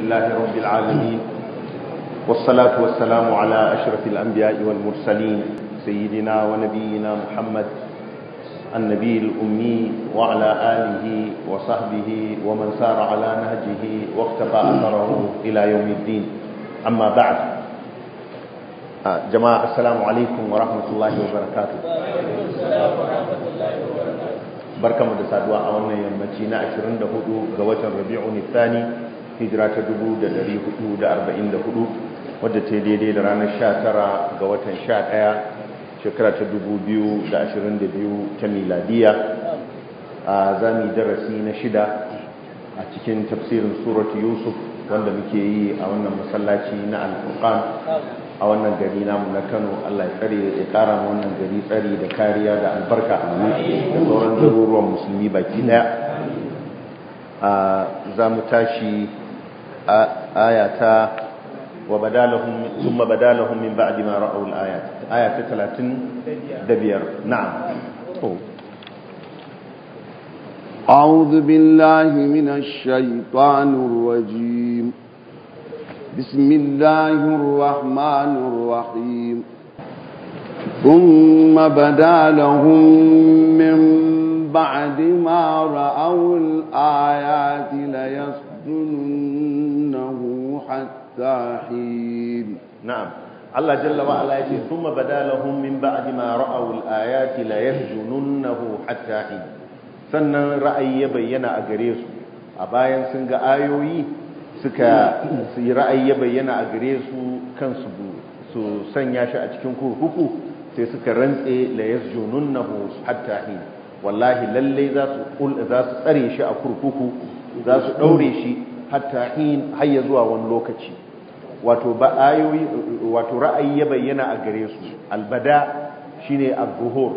لله رب العالمين والصلاة والسلام على أشرف الأنبياء والمرسلين سيدنا ونبينا محمد النبي الأمي وعلى آله وصحبه ومن سار على نهجه واقتفى أثره إلى يوم الدين أما بعد آه، جماعة السلام عليكم ورحمة الله وبركاته بركة مدسادوا أولنا يمتين wannan دهدو na 24 الثاني hijira ta 1444 wadda ta daidai da ranar 19 ga watan 11 shekara ta 2022 ta miladiya a zami darasi na shida a cikin tafsirin surat yusuf wanda muke yi a wannan masallaci na alfurqan a wannan gari namu na kano allah ya tsare ya kara wannan gari tsari da kariya da albarka a da sauran zaruruwan musulmi baki daya za mu tashi آية وبدالهم ثم بدالهم من بعد ما رأوا الآيات آية 30 دبير نعم طيب. أعوذ بالله من الشيطان الرجيم بسم الله الرحمن الرحيم ثم بدا لهم من بعد ما رأوا الآيات ليسجنن حتى allah نعم الله جل وعلا يقول ثم بدا لهم من بعد ما رأوا الآيات ليسجننه حتى حين sannan ra'ayi ya bayyana a gare su a bayan sun ga ayoyi suka ra'ayi ya bayyana a gare su su sanya shi a cikin kurkuku sai suka rantse la yasjununnahu hatta wallahi lallai za su za su tsare shi a kurkuku za su daure shi hatta hin har zuwa wani lokaci wato ba ayoyi wato ra'ayi ya bayyana a gare su albada shine az-zuhur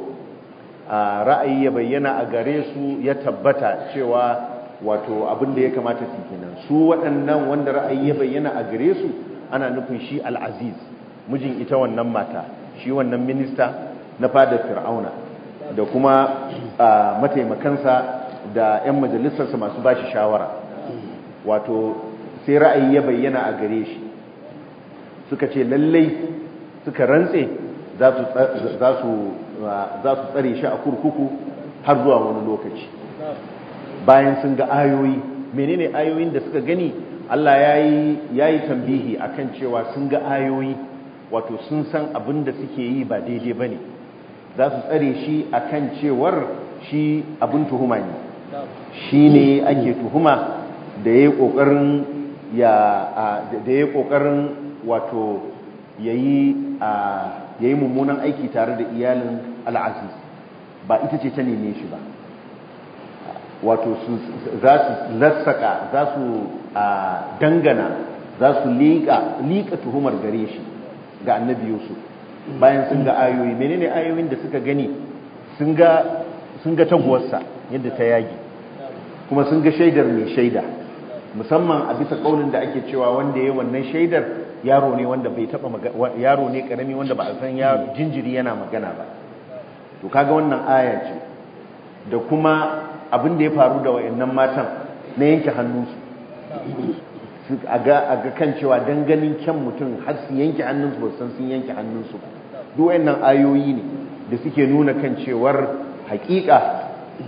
ra'ayi ya bayyana a gare su ya tabbata cewa wato abin da ya kamata su kenan su waɗannan wanda ra'ayi ya bayyana a gare su ana nufin shi al-aziz mijin ita wannan mata shi wannan minista na fadar fir'auna da kuma mataimakansa da 'yan majalisarsa masu bashi shawara wato sai ra'ayi ya bayyana a gare shi suka ce lallai suka rantse za su tsare shi a kurkuku har zuwa wani lokaci bayan sun ga ayoyi menene ayoyin da suka gani Allah ya yi tambihi akan cewa sun ga ayoyi wato sun san abin da suke yi ba daidai ba ne za su tsare shi akan cewar shi abin tuhuma ne shi ne ake tuhuma da ya yi ƙoƙarin wato ya yi mummunan aiki tare da iyalin al'aziz ba ita ce ta neme shi ba wato za su lassaka za su dangana za su liƙa tuhumar gare shi ga annabi yusuf bayan sun ga ayoyi menene ayoyin da suka gani sun ga taguwarsa yadda ta yagi kuma sun ga shaidar mai shaida musamman a bisa kaulin da ake cewa wanda ya wannan shaidar yaro ne wanda bai taba yaro ne karami wanda ba a san ya jinjiri yana magana ba to kaga wannan aya ce da kuma abin da ya faru da wayannan matan na yanke hannu su aga ga kan cewa dan ganin kyan mutum har su yanke su ba san sun yanke hannun su duk wayannan ayoyi ne da suke nuna kan cewar hakika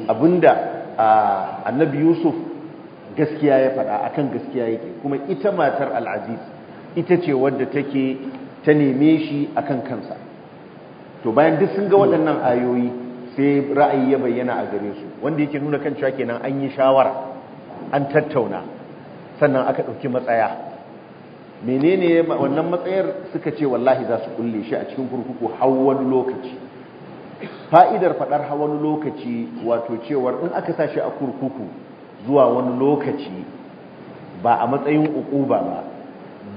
abinda annabi Yusuf gaskiya ya faɗa akan gaskiya yake kuma ita matar al'aziz ita ce wadda take ta neme shi akan kansa to bayan duk sun ga waɗannan ayoyi sai ra'ayi ya bayyana a gare su wanda yake nuna kan cewa kenan an yi shawara an tattauna sannan aka ɗauki matsaya menene wannan matsayar suka ce wallahi za su kulle shi a cikin kurkuku har wani lokaci fa'idar faɗar har wani lokaci wato cewar in aka sa shi a kurkuku zuwa wani lokaci ba a matsayin uku ba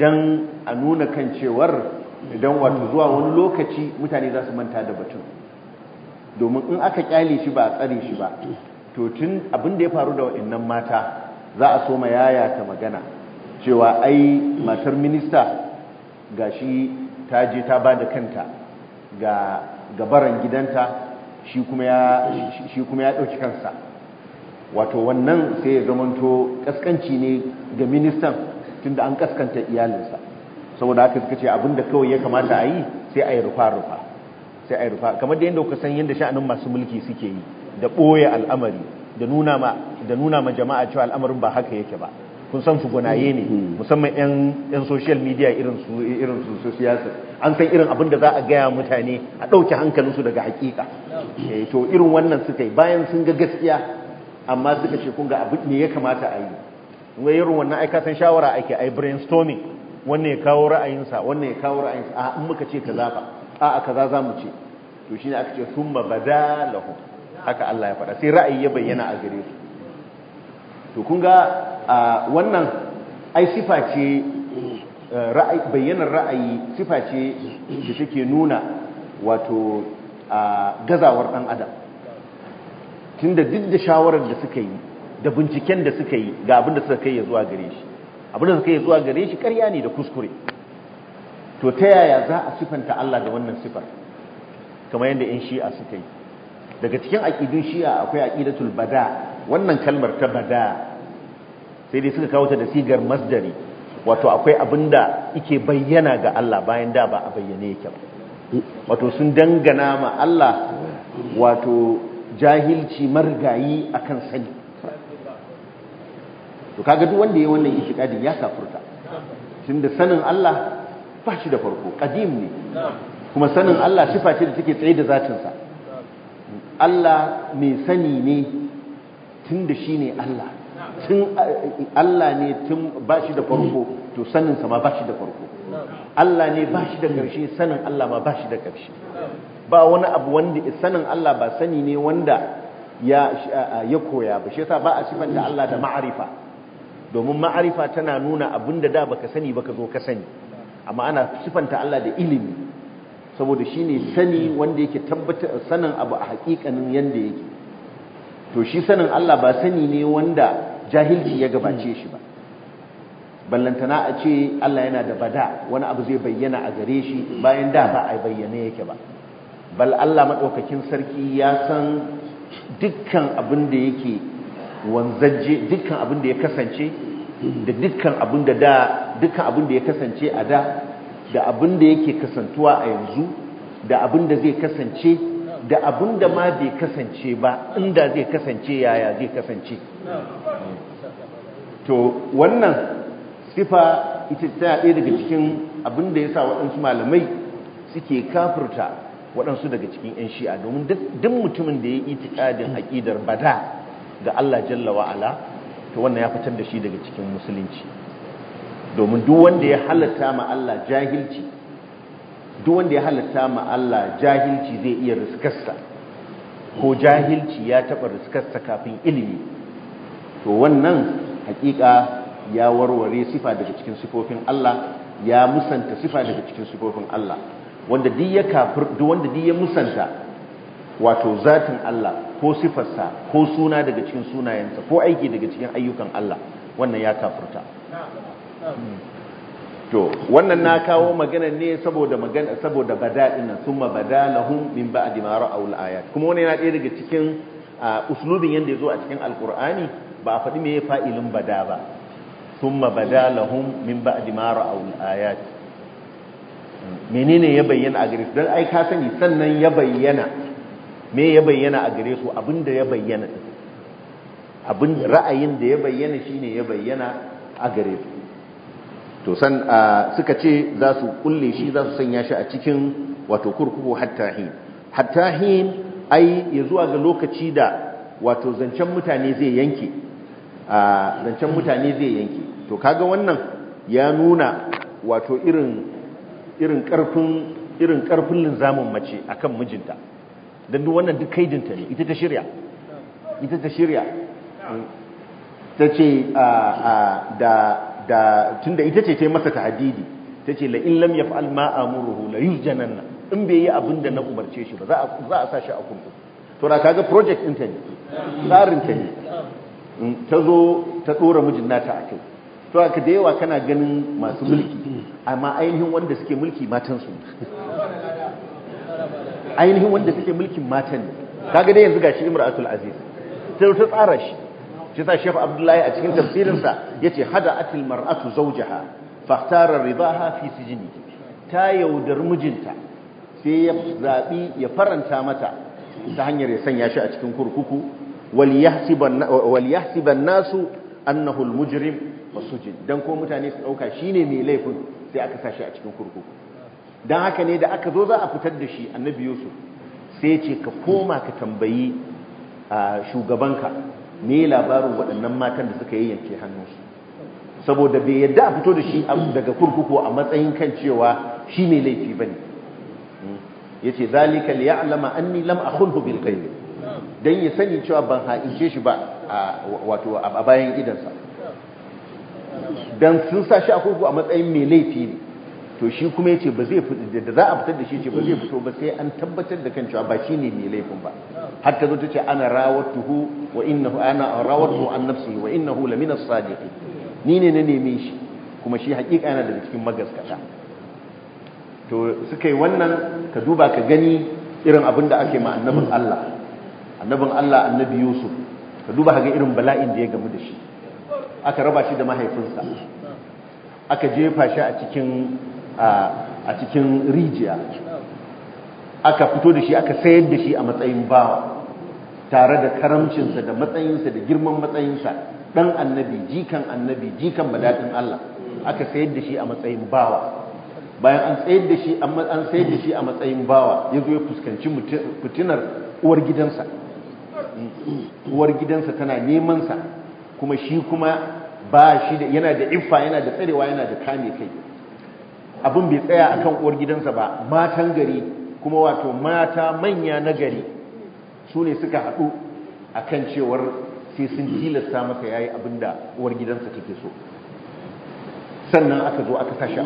don a nuna kan cewar don wato zuwa wani lokaci mutane za su manta da batun domin in aka kyale shi ba a tsare shi ba to tun abin da ya faru da waɗannan mata za a so ma yaya ta magana cewa ai matar minista gashi ta je ta ba da kanta ga gabaran gidanta shi kuma ya ɗauki kansa wato wannan sai ya zamanto kaskanci ne ga ministan tunda an kaskanta iyalinsa saboda haka suka ce abinda kawai ya kamata a yi sai a yi rufa-rufa sai a yi rufa kamar da yadda kuka san yadda sha'anin masu mulki suke yi da ɓoye al'amari da nuna ma jama'a cewa al'amarin ba haka yake ba kun san su gwanaye ne mm-hmm. musamman yan yan social media irin su su siyasa an san irin abin da za a gaya mutane a ɗauke hankalinsu daga hakika eh, to irin wannan suka yi bayan sun ga gaskiya amma suka ce kun ga abin ne ya kamata a yi wai irin wannan ai kasan shawara ake ai brainstorming wannan ya kawo ra'ayinsa wannan ya kawo ra'ayinsa a in muka ce kaza fa a a kaza za mu ce to shine aka ce summa bada lahum haka Allah ya faɗa sai ra'ayi ya bayyana a gare su to kun ga wannan ai sifa ce eh, ra'ayi bayyanar ra'ayi sifa ce da take nuna wato gazawar dan adam tunda duk da shawarar da suka yi da binciken da suka yi ga abin da suka kai ya zuwa gare shi abin da suka yi zuwa gare shi ƙarya ne da kuskure to ta yaya za a sifanta Allah da wannan sifar kamar yadda yan shi'a suka yi daga cikin aƙidun shi'a akwai aƙidatul bada wannan kalmar ta bada sai dai suka kawo ta da sigar masdari wato akwai abin da yake bayyana ga Allah bayan da ba a bayyane yake ba wato sun dangana ma Allah wato jahilci marigayi akan sani to kaga duk wanda ya wannan itikadin ya kafurta tunda sanin Allah ba shi da farko kadim ne kuma sanin Allah sifa ce da take tsaye da zatinsa Allah mai sani ne tunda ne Allah tun Allah ne tun ba shi da farko to sa ma ba shi da farko Allah ne ba shi da karshe sanin Allah ma ba shi da ƙarshe ba wani abu wanda sanin Allah ba sani ne wanda ya koya ba shi ba a sifanta Allah da ma'arifa domin ma'arifa tana nuna abinda da da baka sani baka zo ka sani amma ana sifanta Allah da ilimi saboda shine sani wanda yake tabbatar sanin abu a hakikanin yanda yake to shi sanin Allah ba sani ne wanda jahilci ya gabace shi ba ballantana a ce Allah yana da bada wani abu zai bayyana a gare shi bayan da ba a bayyane yake ba bal Allah maɗaukakin sarki ya san dukkan abin da yake wanzaje dukkan abin da ya kasance da dukkan abin da da dukkan abin da ya kasance a da da abin da yake kasantuwa a yanzu da abin da zai kasance da abin da ma bai kasance ba inda zai kasance yaya zai kasance to wannan sifa ita tana ɗaya daga cikin abin da ya sa waɗansu malamai suke kafurta? waɗansu daga cikin 'yan shi'a domin duk mutumin da ya yi itikadin aƙidar bada ga Allah jalla wa'ala to wannan ya fitar da shi daga cikin musulunci domin duk wanda ya halatta ma Allah jahilci duk wanda ya halatta ma Allah jahilci zai iya riskarsa ko jahilci ya taɓa riskarsa kafin ilimi to wannan haƙiƙa ya warware sifa daga cikin sifofin Allah ya musanta sifa daga cikin sifofin Allah wanda duk ya kafir duk wanda duk ya musanta wato zatin Allah ko sifarsa ko suna daga cikin sunayensa ko aiki daga cikin ayyukan Allah wannan ya kafirta to wannan na kawo magana ne saboda magana saboda bada'in nan summa badalahum min ba'di ma ra'aw al-ayat kuma wannan yana ɗaya daga cikin uslubin yanda yazo a cikin alqur'ani ba a faɗi me fa'ilin bada ba summa badalahum min ba'di ma ra'aw al-ayat menene ya bayyana a gare su don ai ka sani sannan ya bayyana me ya bayyana a gare su abinda ya bayyana abin ra'ayin da ya bayyana shine ya bayyana a gare su to san suka ce za su kulle shi za su sanya shi a cikin wato kurkuku hatta hin hatta hin ai ya zuwa ga lokaci da wato zancen mutane zai yanke zancen mutane zai yanke to kaga wannan ya nuna wato irin irin karfin irin linzamin mace akan mijinta dan duk wannan duk kaidinta ne ita ta shirya ita ta shirya tace da da tunda ita ce ta yi masa tahdidi tace la in lam yaf'al ma amuruhu la yujjananna in bai yi abin da na umarce shi ba za a sa shi a kurkuku to da kaga project ɗinta ne tsarin ta ne ta zo ta dora mijin nata a akai to aka da yawa kana ganin masu mulki amma ainihin wanda suke mulki matan ainihin wanda suke mulkin matan ne kaga dai yanzu gashi imratul aziz sai ta tsara shi shi sa shef abdullahi a cikin tafsirinsa yace hada'atil mar'atu zawjaha fahtara ridaha fi jini ta yaudar mijinta sai ya zabi ya faranta mata ta hanyar ya sanya shi a cikin kurkuku wal yahsiban nasu annahu al mujrim masujin don ko mutane su dauka ne mai laifin sai aka sashi a cikin kurkuku Don haka ne da aka zo za a fitar da shi annabi yusuf sai ce ka koma ka tambayi shugabanka ne labarin waɗannan matan da suka yayyanke hannunsu saboda bai yadda a fito da shi daga kurkuku a matsayin kan cewa shi mai laifi ba ya hmm. yace zalika an ni lam akhunhu bil ghaib Don ya sani cewa ban haishe shi ba wato a bayan idansa dan sun sa shi a kurkuku a matsayin mai laifi ne to shi kuma yace ba zai fito da za a fitar da shi ce ba zai fito ba sai an tabbatar da kan cewa ba shi ne mai laifin ba har ta zo ta ce ana rawatuhu wa innahu ana rawatuhu an nafsi wa innahu lamina sadiqin ni ne na neme shi kuma shi hakika yana daga cikin magaskata to suka yi wannan ka duba ka gani irin abin da ake ma annabin Allah annabin Allah annabi Yusuf ka duba ka irin bala'in da ya gamu da shi aka raba shi da mahaifinsa aka jefa shi a cikin rijiya aka fito da shi aka sayar da shi a matsayin bawa tare da karamcinsa da matsayinsa da girman matsayinsa ɗan annabi jikan annabi jikan madadin Allah aka sayar da shi a matsayin bawa bayan an sayar da shi an sayar da shi a matsayin bawa ya zo ya fuskanci fitinar uwar gidansa uwar gidansa tana neman sa kuma shi kuma ba shi da yana da iffa yana da tsarewa yana da kame kai abin bai tsaya akan uwar gidansa ba matan gari kuma wato mata manya na gari su ne suka haɗu a kan cewar sai sun tilasta masa yayi abin da uwar gidansa take so sannan aka zo aka tashi a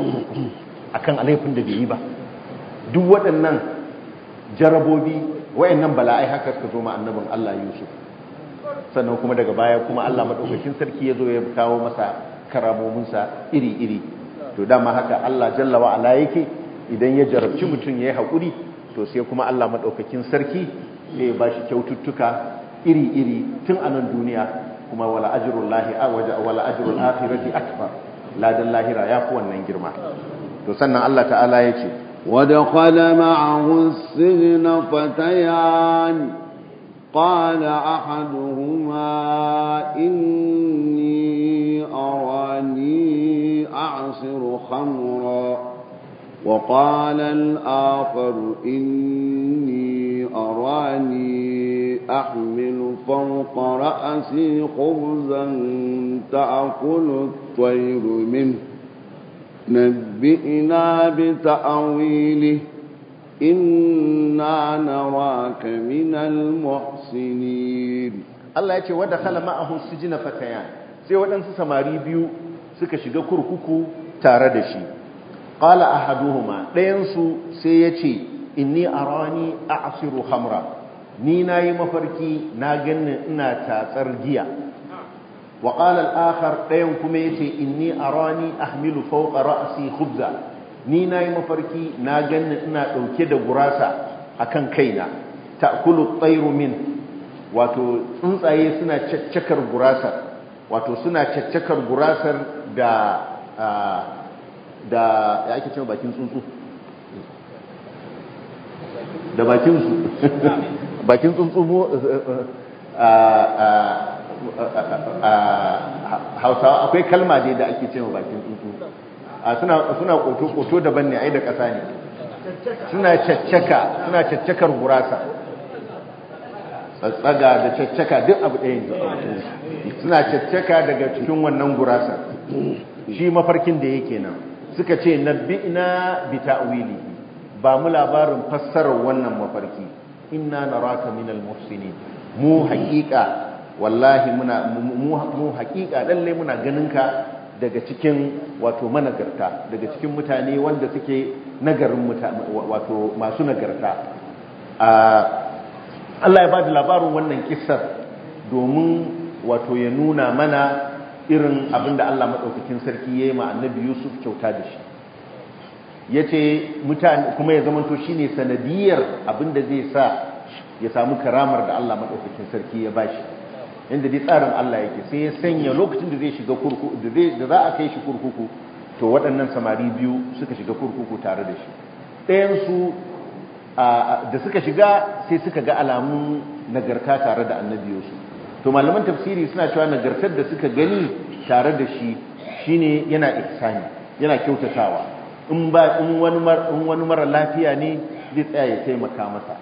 akan alaifin da bai yi ba duk waɗannan jarabobi wayannan bala'ai haka suka zo ma annabin Allah Yusuf sannan kuma daga baya kuma Allah madaukakin sarki ya zo ya kawo masa karamominsa iri-iri to dama haka Allah jalla wa ala yake idan ya jarabci mutum ya yi haƙuri to sai kuma Allah madaukakin sarki sai ya shi kyaututtuka iri-iri tun a nan duniya kuma wala ajrul lahi waja wala ajrul akhirati akbar ladan lahira ya fi wannan girma to sannan Allah ta'ala yace ودخل معه السجن قال أحدهما إني أراني أعصر خمرا وقال الآخر إني أراني أحمل فوق رأسي خبزا تأكل الطير منه نبئنا بتأويله inna naraka minal muhsinin Allah ya ce wa dakhala ma'ahu sijina fatayan sai waɗansu samari biyu suka shiga kurkuku tare da shi qala ahaduhuma dayan su sai yace inni arani a'siru hamra ni nayi mafarki na ganni ina tatsar giya wa qala al-akhar ɗayan kuma yace inni arani ahmilu fawqa ra'si khubza ni na yi mafarki na ganni ina ɗauke da gurasa a kan kaina ta'kulu tsairu min wato tsuntsaye suna caccakar gurasar wato suna caccakar gurasar da da ya ake cewa bakin tsuntsu da bakin su bakin tsuntsu hausawa akwai kalma dai da ake cewa bakin tsuntsu suna koto koto daban ne ai da ƙasa ne suna caccaka suna caccakar gurasa tsaga da caccaka duk abu ɗaya suna caccaka daga cikin wannan gurasa shi mafarkin da yake nan suka ce na bina bi ta'wili ba mu labarin fassarar wannan mafarki inna raka minal muhsinin mu haƙiƙa wallahi muna mu haƙiƙa ɗalle muna ganinka daga cikin wato managarta daga cikin mutane wanda suke nagarin wato masu nagarta Allah ya ba da labarin wannan kisar domin wato ya nuna mana irin abinda Allah maɗaukakin sarki ya yi ma Yusuf kyauta da shi ya ce mutane kuma ya zamanto shi ne sanadiyar abinda zai sa ya samu karamar da Allah maɗaukakin sarki ya ba shi inda dai tsarin Allah yake sai ya sanya lokacin da zai shiga kurkuku da za a kai shi kurkuku to waɗannan samari biyu suka shiga kurkuku tare da shi ɗayansu da suka shiga sai suka ga alamun nagarta tare da annabi to malaman tafsiri suna cewa nagartar da suka gani tare da shi shine yana ihsani yana kyautatawa in ba in wani mara lafiya ne zai tsaya ya taimaka masa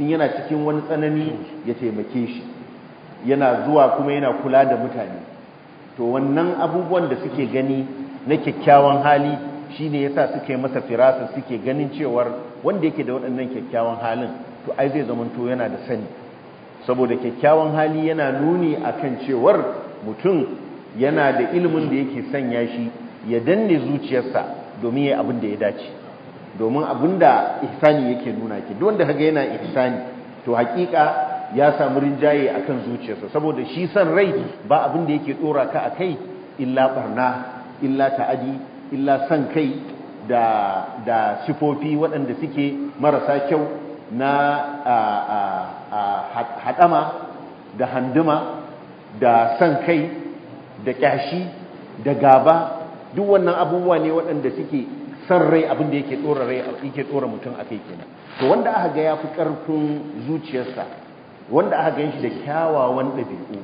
in yana cikin wani tsanani ya taimake shi yana zuwa kuma yana kula da mutane to wannan abubuwan da suke gani na kyakkyawan hali shine yasa suke masa firasa suke ganin cewar wanda yake da waɗannan kyakkyawan halin to ai zai zamanto yana da sani saboda kyakkyawan hali yana nuni akan cewar mutum yana da ilimin da yake sanya shi ya danne zuciyarsa domin ya abin da ya dace domin abin da ihsani yake nuna ki duk wanda kaga yana ihsani to haƙiƙa. ya samu rinjaye akan zuciyarsa saboda shi san rai ba abin da yake dora ka akai illa barna illa ta'adi illa san kai da da sifofi waɗanda suke marasa kyau na haɗama da handuma da san kai da ƙyashi da gaba duk wannan abubuwa ne waɗanda suke san rai abin yake ɗora yake ɗora mutum a kai kenan to wanda aka ga ya fi ƙarfin zuciyarsa wanda aka gan shi da kyawawan ɗabi'u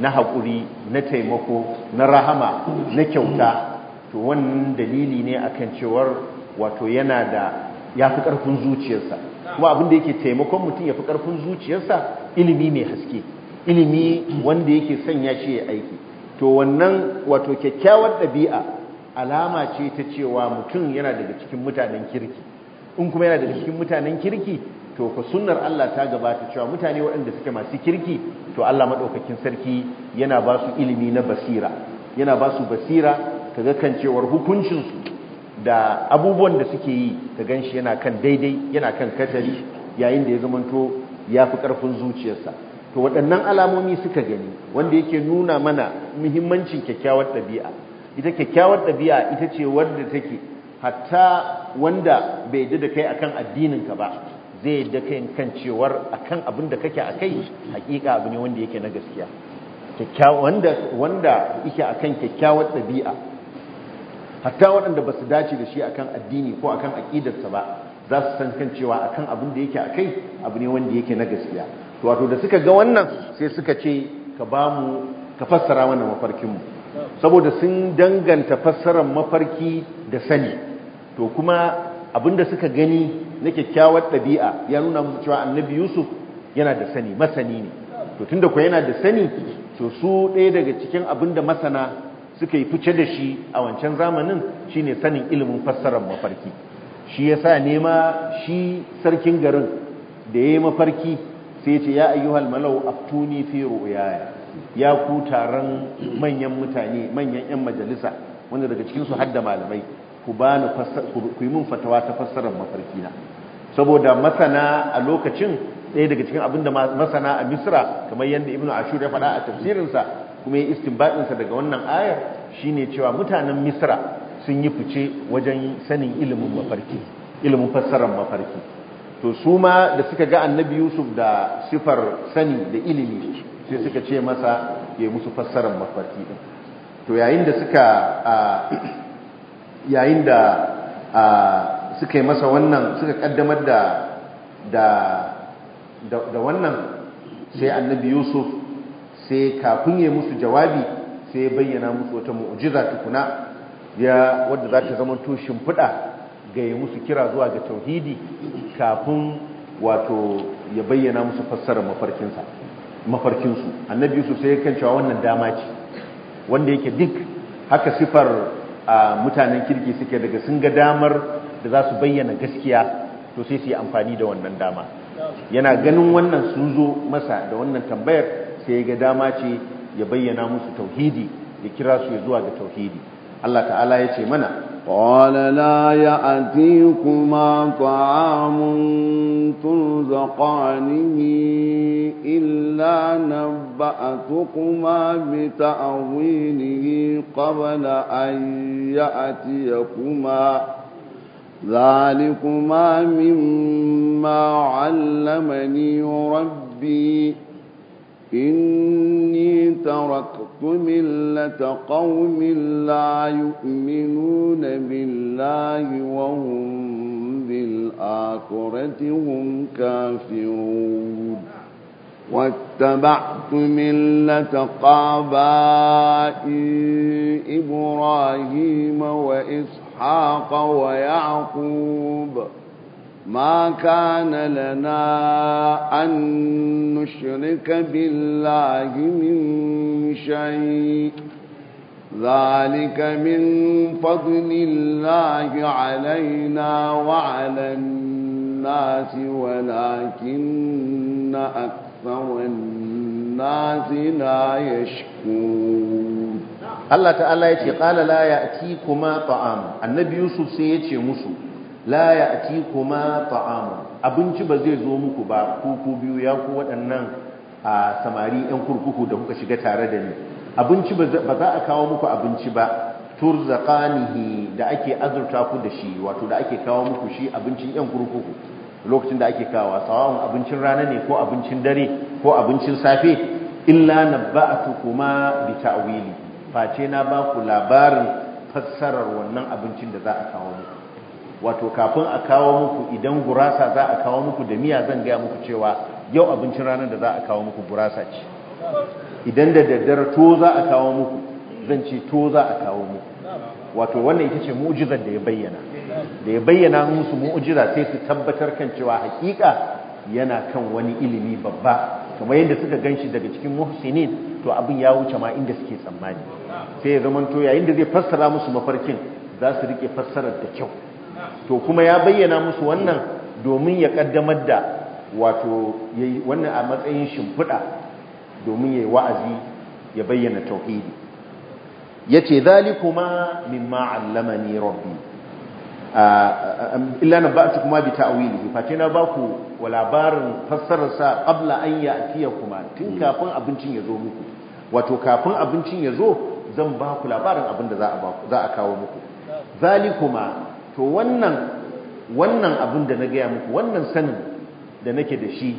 na haƙuri na taimako na rahama na kyauta to wannan dalili ne akan cewar wato yana da ya fi ƙarfin zuciyarsa kuma abinda yake taimakon mutum ya fi ƙarfin zuciyarsa ilimi mai haske ilimi wanda yake ya shi ya aiki to wannan wato kyakkyawar ɗabi'a alama ce ta cewa mutum yana daga cikin mutanen kirki in kuma yana daga cikin mutanen kirki to fa sunnar Allah ta gabata cewa mutane waɗanda suke masu kirki to Allah madaukakin sarki yana ba su ilimi na basira yana ba su basira kaga kan cewar hukuncin su da abubuwan da suke yi ka ganshi yana kan daidai yana kan katari yayin da ya zama to ya fi ƙarfin zuciyarsa to waɗannan alamomi suka gani wanda yake nuna mana muhimmancin kyakkyawar ɗabi'a ita kyakkyawar ɗabi'a ita ce wadda take hatta wanda bai yadda da kai akan addininka ba zai yadda kai kan cewar akan abin da kake a kai hakika abu ne wanda yake na gaskiya wanda wanda a kan kyakkyawar ɗabi'a hatta waɗanda ba su dace da shi a kan addini ko a kan aƙidarsa ba za su san kan cewa kan abin da yake a kai abu ne wanda yake na gaskiya wato da suka ga wannan sai suka ce ka ba mu ka fassara mana mafarkinmu saboda sun danganta fassarar mafarki da sani to kuma abin da suka gani na kyakkyawar ɗabi'a ya nuna musu cewa annabi yusuf yana da sani masani ne to tunda kuwa yana da sani to su ɗaya daga cikin abin da masana suka yi fice da shi a wancan zamanin shine sanin ilimin fassarar mafarki shi ya sa nema shi sarkin garin da ya yi mafarki sai ya ce ya ayyuhal malau aftuni fi ru'yaya ya ku taron manyan mutane manyan yan majalisa wanda daga cikin su hadda malamai ku yi min fatawa ta fassarar mafarki na saboda masana a lokacin ɗaya daga cikin abin da masana a misra kamar yadda Ibn ashur ya faɗa a tafsirinsa kuma ya istimbaɗinsa daga wannan ayar shine cewa mutanen misra sun yi fice wajen sanin ilimin mafarki ilimin fassarar mafarki to su ma da suka ga annabi yusuf da sifar sani da ilimi sai suka ce masa ya yi musu fassarar mafarki ɗin to yayin da suka yayin da suka yi masa wannan suka kaddamar da da wannan sai annabi yusuf sai kafin ya musu jawabi sai ya bayyana musu wata mu'jiza tukuna ya wadda za ta zama to fuda ga ya musu kira zuwa ga tauhidi kafin wato ya bayyana musu fassara mafarkinsa mafarkinsu annabi yusuf sai kan cewa wannan dama ce wanda yake duk haka sifar mutanen kirki suke daga sun ga damar da za su bayyana gaskiya to sai su yi amfani da wannan dama yana ganin wannan sun zo masa da wannan tambayar sai ya ga dama ce ya bayyana musu tauhidi ya kira su ya zuwa ga tauhidi Allah ta'ala ya ce mana قال لا يأتيكما طعام ترزقانه إلا نبأتكما بتأويله قبل أن يأتيكما ذلكما مما علمني ربي إني تركت ملة قوم لا يؤمنون بالله وهم بالآخرة هم كافرون واتبعت ملة قعباء إبراهيم وإسحاق ويعقوب ما كان لنا أن نشرك بالله من شيء ذلك من فضل الله علينا وعلى الناس ولكن أكثر ya Allah ce, الناس la ya الله kuma يتي annabi Yusuf sai ya ce musu, La ya ci kuma طعام abinci ba zai zo muku ba ku biyu ya ku waɗannan a samari 'yan kurkuku da kuka shiga tare da ni abinci ba za a kawo muku abinci ba turzaqanihi da ake azurta ku da shi wato da ake kawo muku shi abincin 'yan kurkuku lokacin da ake kawa sawawun abincin rana ne ko abincin dare ko abincin safe illa na kuma bi ta'wili face na ba ku labarin fassarar wannan abincin da za a kawo muku wato kafin a kawo muku idan gurasa za a kawo muku da miya zan gaya muku cewa yau abincin ranar da za a kawo muku gurasa ce idan da daddare to za a kawo muku zan ce to za a kawo muku wato wannan ita ce mu'jizar da ya bayyana da ya bayyana musu mu'ujira sai su tabbatar kan cewa haƙiƙa yana kan wani ilimi babba kamar yadda suka ganshi daga cikin muhsinin to abin ya wuce ma inda suke tsammani sai ya zama to yayin da zai fassara musu mafarkin za su rike fassarar da kyau to kuma ya bayyana musu wannan domin ya kaddamar da wato wannan a matsayin shimfiɗa domin ya yi wa'azi ya bayyana tauhidi ya ce zalikuma mimma allamani rabbi illa na ba su kuma bi ta'awili fa na ba ku wa labarin fassarar sa qabla an ya'tiya kuma tun hmm. kafin abincin ya zo muku wato kafin abincin ya zo zan ba ku labarin abin da za a kawo muku zalikuma to wannan wannan abin da na gaya muku wannan sanin da nake da shi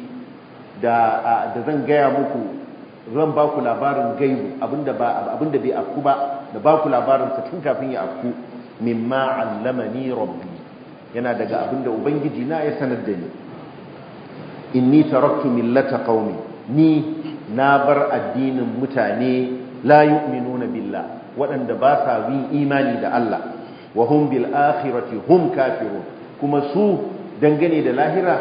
da zan gaya muku zan ba ku labarin gaibu abin da bai afku ba da ba ku labarin sa tun kafin ya afku mimma allamani rabbi yana daga abinda ubangiji na ya sanar da ni inni taraktu millata qaumi ni na bar addinin mutane la yu'minuna billah waɗanda ba sa bi imani da Allah wa hum bil akhirati hum kafirun kuma su dangane da lahira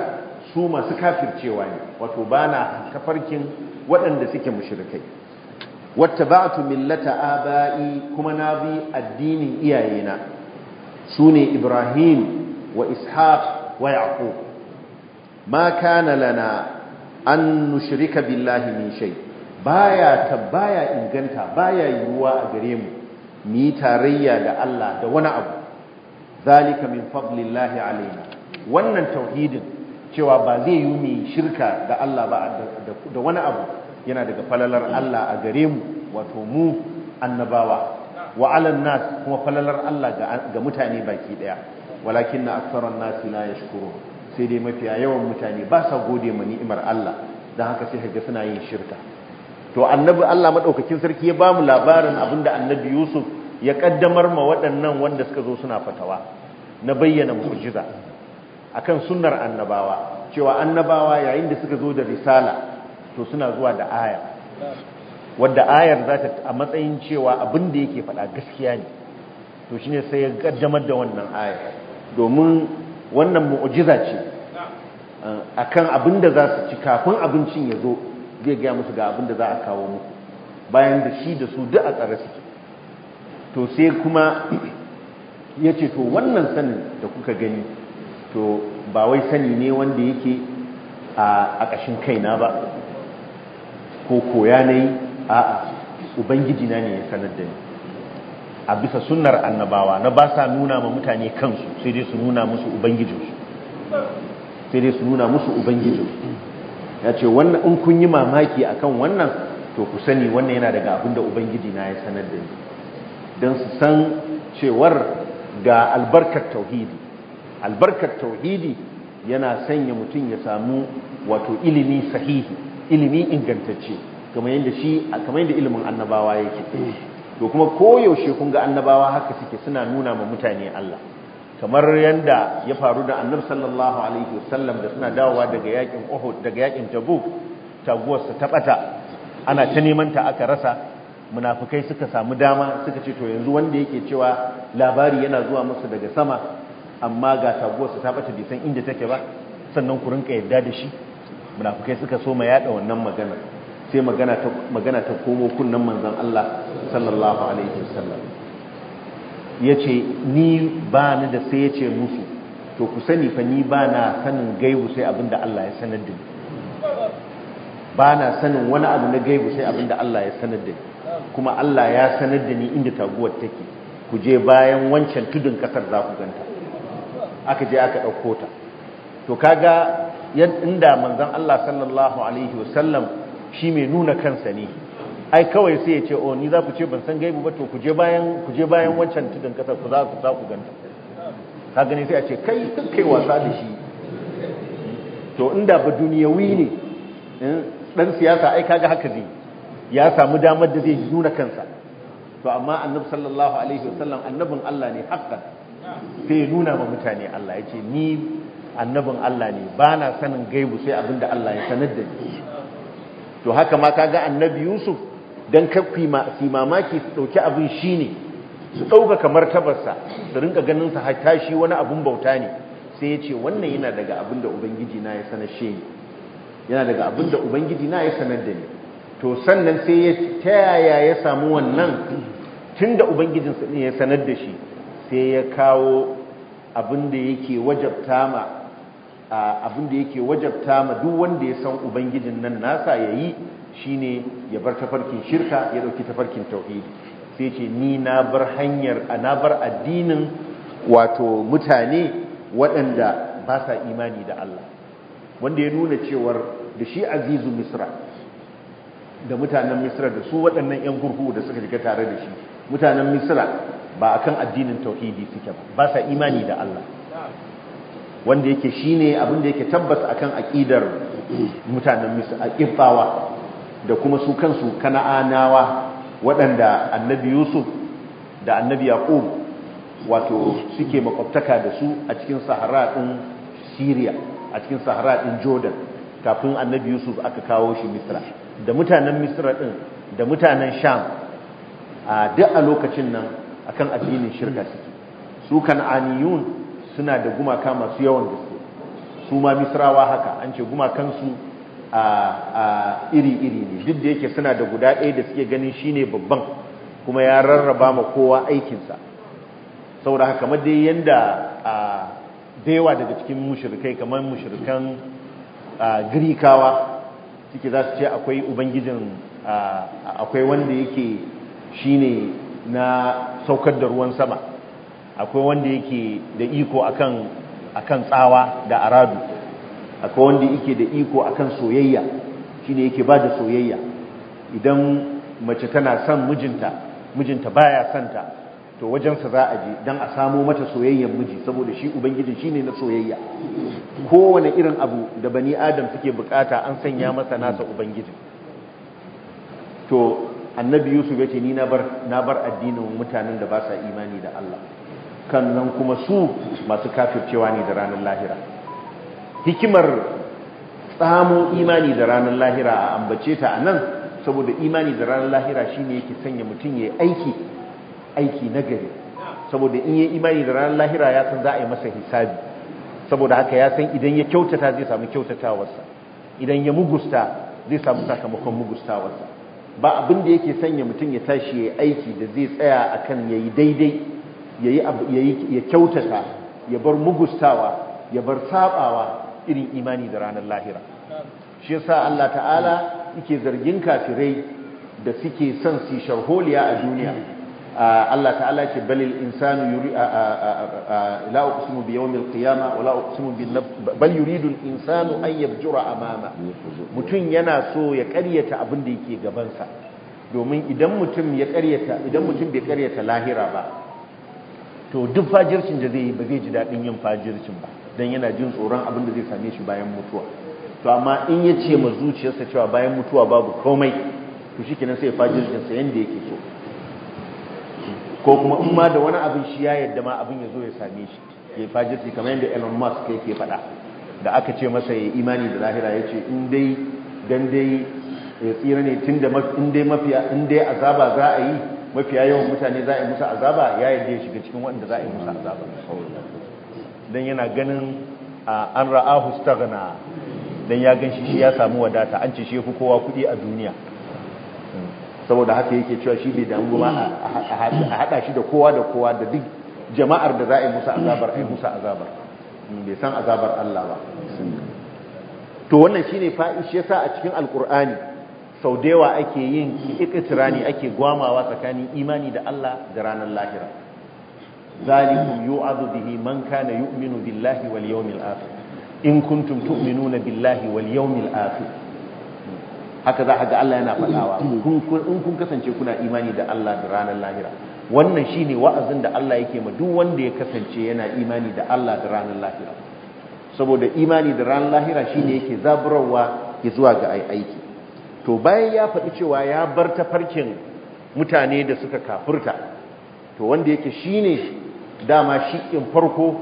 su masu kafircewa ne wato bana kafarkin waɗanda suke mushrikai wattaba'tu millata aba'i kuma na bi addinin iyayena sune Ibrahim wa Ishaq wa Yaqub ma kana lana an nushrika billahi min shay baya baya inganta baya yiwuwa a gare mu mu tarayya da Allah da wani abu zalika min fadlillahi alaina wannan tauhidin cewa ba zai yi mu shirka da Allah ba da wani abu yana daga falalar Allah a gare mu wato mu annabawa wa alan nas kuma falalar Allah ga mutane baki daya walakin na aktsaran nas la yashkuru sai dai mafiya yawan mutane ba sa gode mu ni'imar Allah dan haka sai kaga suna yin shirka to annabi Allah madaukakin sarki ya bamu labarin abinda annabi Yusuf ya kaddamar ma waɗannan wanda suka zo suna fatawa na bayyana mu'jiza akan sunnar annabawa cewa annabawa yayin da suka zo da risala to suna zuwa da aya wadda ayar za ta a matsayin cewa abin da yake faɗa gaskiya ne to shine sai ya gajamar da wannan ayar domin wannan mu'ujiza ce akan abin da za su ci kafin abincin ya zo zai gaya musu ga abin da za a kawo muku bayan da shi da su duk a tsare suke to sai kuma ya ce to wannan sanin da kuka gani to ba wai sani ne wanda yake a ƙashin kaina ba ko koya nai a a'a ubangiji na ne ya sanar da ni a bisa sunnar annabawa na ba sa nuna ma mutane kansu sai dai su nuna musu ubangijinsu sai dai su nuna musu ubangijinsu ya ce wannan in kun yi mamaki a kan wannan to ku sani wannan yana daga abin da ubangiji na ya sanar da ni don su san cewar ga albarkar tauhidi albarkar tauhidi yana sanya mutum ya samu wato ilimi sahihi ilimi ingantacce kamar yadda shi kamar yadda ilimin annabawa yake to kuma koyaushe kun ga annabawa haka suke suna nuna ma mutane Allah kamar yadda ya faru da annabi sallallahu alaihi wasallam da suna dawowa daga yakin Uhud daga yakin Tabuk taguwar ta bata ana ta neman ta aka rasa munafikai suka samu dama suka ce to yanzu wanda yake cewa labari yana zuwa musu daga sama amma ga taguwar ta bata bai san inda take ba sannan ku rinka yadda da shi munafukai suka so ma yada wannan magana sai magana ta magana ta komo kunnan manzon Allah sallallahu alaihi wasallam yace ni ba ni da sai yace musu to ku sani fa ni ba na sanin gaibu sai abinda Allah ya sanar da ni ba na sanin wani abu na gaibu sai abinda Allah ya sanar da ni kuma Allah ya sanar da ni inda taguwar take ku je bayan wancan tudun kasar za ku ganta aka je aka ɗauko ta to kaga inda manzan Allah sallallahu alaihi wasallam shi mai nuna kansa ne ai kawai sai ya ce o oh, ni za ku ce ban san gaibu ba to ku je bayan ku je bayan wancan tudun kasar ku za ku za ku ganta ka gani sai a ce kai kai wasa da shi to inda ba duniyawi ne dan eh, siyasa ai kaga haka zai ya samu damar da zai nuna kansa to amma annabi sallallahu alaihi wasallam annabin Allah ne haka sai ya nuna ma mutane Allah ya ce ni annabin Allah ne ba na sanin gaibu sai abinda Allah ya sanar da ni to haka ma kaga annabi Yusuf dan kafi ma mamaki su dauki abin shi ne su dauka kamar tabarsa su rinka ganin sa hatta shi wani abun bauta ne sai ya ce wannan yana daga da ubangiji na ya sanar shi ne yana daga da ubangiji na ya sanar da ni to sannan sai ya ta yaya ya samu wannan tunda ubangijinsa ne ya sanar da shi sai ya kawo abin abinda yake wajabta ma abin da yake wajabta ma duk wanda ya san ubangijin nan nasa ya yayi shine ya bar tafarkin shirka ya dauki tafarkin tauhidi sai ce ni na bar hanyar na bar addinin wato mutane waɗanda ba sa imani da Allah wanda ya nuna cewar da shi azizu misra da mutanen misra da su waɗannan 'yan gurhu da suka shiga tare da shi mutanen misra ba akan addinin tauhidi suke ba ba sa imani da Allah wanda yake shine abin da yake tabbas akan aqidar mutanen a ifawa da kuma su kansu kana'anawa waɗanda annabi yusuf da annabi yaqub wato suke makwabtaka da su a cikin sahara ɗin syria a cikin sahara ɗin jordan kafin annabi yusuf aka kawo shi misra da mutanen misra ɗin da mutanen sham a duk a lokacin nan akan addinin shirka suke su aniyun. suna da gumaka masu yawan gaske su ma misrawa haka an ce gumakansu a iri-iri ne duk da yake suna da guda ɗaya da suke ganin shine babban kuma ya rarraba ma kowa aikinsa saboda haka kamar dai yanda a daiwa daga cikin mushirikai kamar mushirikan girikawa suke za su ce akwai ubangijin akwai wanda yake shine na saukar da ruwan sama akwai wanda yake da iko akan tsawa da aradu akwai wanda yake da iko akan soyayya shine yake ba da soyayya idan mace tana son mijinta mijinta baya son ta to wajensa za a je dan a samo mata soyayyan miji saboda shi ubangiji shine na soyayya kowane irin abu da bani adam suke bukata an sanya masa nasa ubangiji to annabi yusuf yace ni na bar na bar addinin mutanen da ba sa imani da Allah kannan kuma su masu kafircewa ne da ranar lahira hikimar tsamo imani da ranar lahira a ambace ta a nan saboda imani da ranar lahira shine yake sanya mutum ya aiki aiki gari saboda in yi imani da ranar lahira ya san za a yi masa hisabi saboda haka ya san idan ya kyautata zai samu kyautatawarsa idan ya mugusta zai samu sakamakon mugustawarsa ba abin da yake sanya mutum ya tashi ya aiki da zai tsaya akan yi daidai ya kyautata ya bar mugustawa ya bar sabawa irin imani da ranar lahira shi yasa Allah ta'ala yake zargin kafirai da suke son su sharholiya a duniya Allah ta'ala ke balil insanu yuri la uqsimu bi yawmil qiyama wa la uqsimu bil bal yuridu al insanu an yabjura amama mutun yana so ya ƙaryata abin da yake gaban sa domin idan mutum ya ƙaryata idan mutum bai ƙaryata lahira ba to duk fajircin da zai yi ba zai ji daɗin yin fajircin ba don yana jin tsoron abin da zai same shi bayan mutuwa to amma in ya ce ma zuciyarsa cewa bayan mutuwa babu komai to shi kenan sai fajircin sa yanda yake so ko kuma in ma da wani abin shi ya yadda ma abin ya zo ya same shi ya fajirci kamar yadda Elon Musk yake faɗa da aka ce masa ya imani da lahira ya ce in dai dan dai ya tsira ne tun da in mafiya in dai azaba za a yi mafiya yawan mutane za a yi musa azaba ya da ya shiga cikin wanda za a yi musa azaba dan yana ganin an ra'ahu staghna dan ya gan shi shi ya samu wadata an ce shi fi kowa kuɗi a duniya saboda haka yake cewa shi bai damu ba a hada shi da kowa da kowa da duk jama'ar da za a yi musa azabar a yi musa azabar hmm, bai san azabar Allah ba to wannan shine ya yasa a cikin alkur'ani sau da yawa ake yin ikitirani ake gwamawa tsakanin imani da Allah da ranar lahira zalikum yu'adhu bihi man kana yu'minu billahi wal yawmil akhir in kuntum tu'minuna billahi wal yawmil akhir haka za ga Allah yana fadawa in kun kasance kuna imani da Allah da ranar lahira wannan shine wa'azin da Allah yake ma duk wanda ya kasance yana imani da Allah da ranar lahira saboda imani da ranar lahira shine yake zaburarwa ya zuwa ga aiki to bayan ya faɗi cewa ya bar tafarkin mutane da suka kafurta to wanda yake ne dama shiƙin farko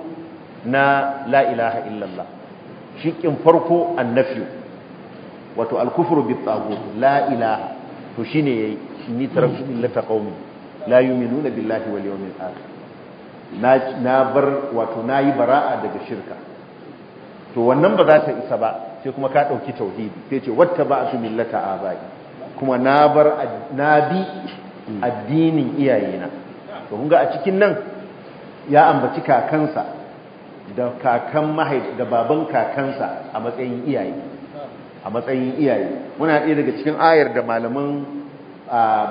na la ilaha illallah shiƙin farko annafi wato alkufuru bi tagut la ilaha to ne yayi ni taraktu lata ƙaumi la nuna billahi wa yawmil akhir na bar wato yi bara'a daga shirka to wannan ba za ta isa ba sai kuma ka ɗauki tauhidi sai ce wata ba su millata bai kuma na bar na bi addinin iyayena to kun ga a cikin nan ya ambaci kakansa da kakan mahai da baban kakansa a matsayin iyaye a matsayin iyaye muna ɗaya daga cikin ayar da malaman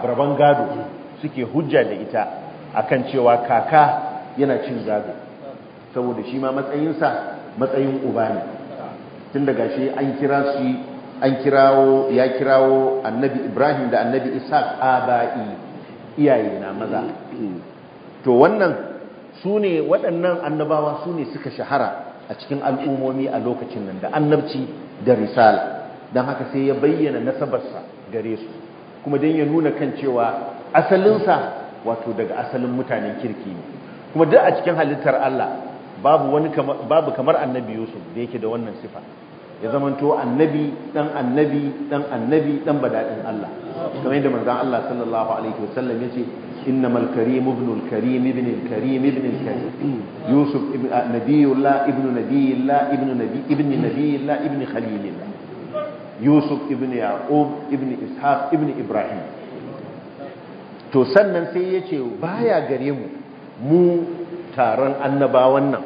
barban gado suke hujja da ita akan cewa kaka yana cin gado saboda shi ma matsayinsa matsayin uba ne tun da shi an kira shi an kirawo ya kirawo annabi ibrahim da annabi a aba'i iyaye na maza to wannan su ne waɗannan annabawa su ne suka shahara a cikin al'ummomi a lokacin nan da annabci da risala don haka sai ya bayyana nasabarsa gare su kuma don ya nuna kan cewa asalinsa wato daga asalin mutanen kirki ne kuma duk a cikin halittar Allah babu babu kamar annabi Yusuf da yake da wannan sifa ya zamanto annabi dan annabi dan annabi dan badadin Allah kamar yadda manzon Allah sallallahu alaihi wasallam yace innamal karim ibn al karim ibn al karim ibn al karim yusuf ibn ah, nabiyullah ibn nabiyillah ibn nabi ibn nabiyillah ibn khalilillah yusuf ibn yaqub ibn ishaq ibn ibrahim to sannan sai yace baya gare mu mu taron annabawan nan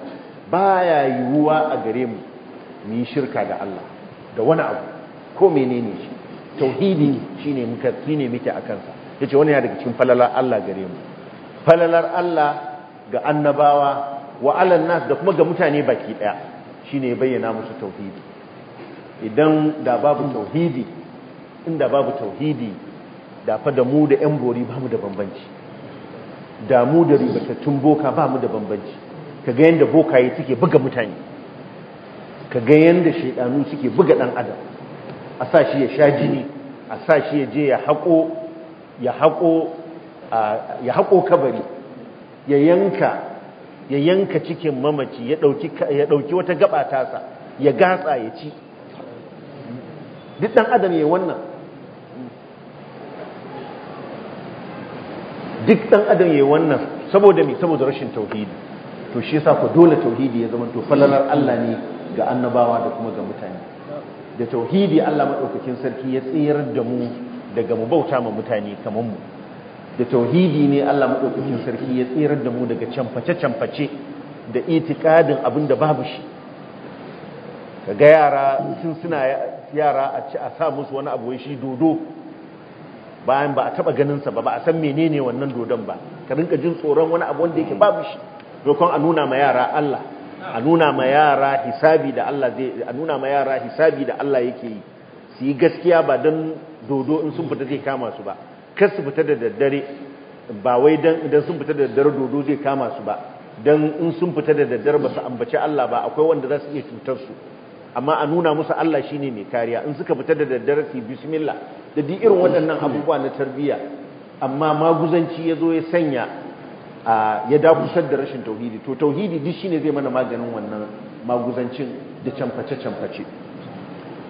baya yiwuwa a gare mu mu shirka da Allah da wani abu ko menene shi tauhidi shine muka shine muke akan sa yace wani ya daga cikin falalar Allah gare mu falalar Allah ga annabawa wa alal nas da kuma ga mutane baki daya shine bayyana musu tauhidi idan da babu tauhidi inda babu tauhidi da fa da mu da yan bori ba mu da bambanci da mu da ribatattun boka ba mu da bambanci kaga yanda bokaye suke buga mutane ka ga yanda shaidanu suke buga ɗan adam a sa shi ya sha jini a sa shi ya je ya haƙo kabari ya yanka cikin mamaci ya ɗauki wata gaba tasa ya gatsa ya ci duk dan adam ya wannan duk dan adam ya wannan saboda mai saboda rashin tauhidi to shi yasa ku dole tauhidi ya zama to falalar Allah ne ga annabawa da kuma ga mutane da tauhidi Allah madaukakin sarki ya tsayar da mu daga mu bauta ma mutane kaman mu da tauhidi ne Allah madaukakin sarki ya tsayar da mu daga camface camface da itikadin abinda da babu shi kaga yara sun suna yara a ci a sa musu wani abu shi dodo bayan ba a taba ganin sa ba ba a san menene wannan dodon ba ka rinka jin tsoron wani abu wanda yake babu shi dokon a nuna ma yara Allah a nuna ma yara hisabi da Allah yake yi su yi gaskiya ba don dodo in sun fita zai kama su ba kar su fita da daddare ba wai don idan sun fita da daddare dodo zai kama su ba don in sun fita da daddare ba su ambaci Allah ba akwai wanda za su iya cutar su amma a nuna musu Allah shine mai kariya in suka fita da daddare su bismillah da duk irin waɗannan abubuwa na tarbiyya amma maguzanci ya zo ya sanya ya dakusar da rashin tauhidi to tauhidi duk shine zai mana maganin wannan maguzancin da camface camface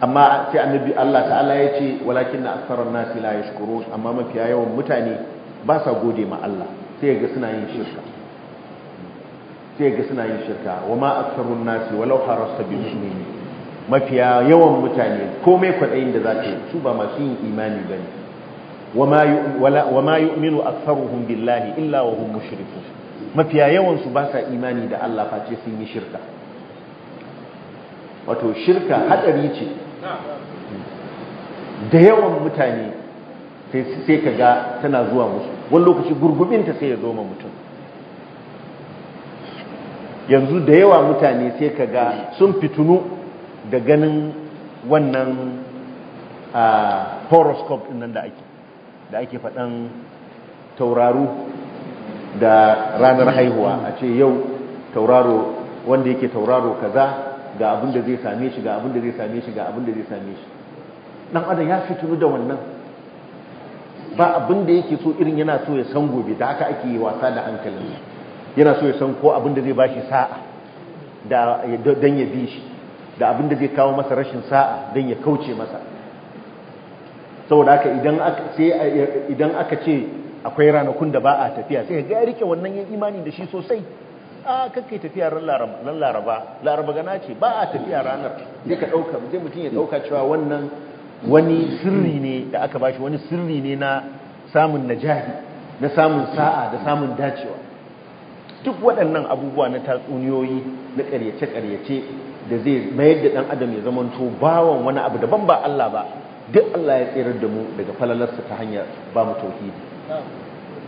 amma sai annabi Allah ta'ala ya ce walakin na aksarar nasi la yashkurun amma mafiya yawan mutane ba sa gode ma Allah sai ga suna yin shirka sai ga suna yin shirka wa ma aksarun nasi walau harasta bi mafiya yawan mutane komai kwaɗayin da zaka su ba masu yin imani bane wa ma yu'minu aktharuhum billahi illa wa hum mushrikun mafiya yawan su ba sa imani da Allah face sun yi shirka wato shirka hadari ce da yawan mutane sai ka ga tana zuwa musu wani lokaci gurgubinta sai ya zo ma mutum yanzu da yawa mutane sai kaga sun fitunu da ganin wannan horoscope nan da ake da ake faɗan tauraro da ranar haihuwa a ce yau tauraro wanda yake tauraro kaza ga abin da zai same shi ga abin da zai same shi ga abin da zai same shi dan adam ya fituru da wannan ba abin da yake so irin yana so ya san gobe da haka ake wasa da hankalin yana so ya san ko abin da zai bashi sa'a da dan ya bi shi da abin da zai kawo masa rashin sa'a dan ya kauce masa saboda haka aka idan aka ce akwai ranakun da ba a tafiya sai ga ya rike wannan yin imani da shi sosai a kakai tafiya ran laraba laraba gana ce ba a tafiya ranar zai ka dauka zai mutum ya ɗauka cewa wannan wani sirri ne da aka bashi wani sirri ne na samun najahi na samun sa'a da samun dacewa duk waɗannan abubuwa na tatsuniyoyi na ƙaryace-ƙaryace da zai mayar da ɗan adam ya zamanto bawan wani abu daban ba Allah ba duk Allah ya tsirar da mu daga falalarsa ta hanyar ba mu tauhidi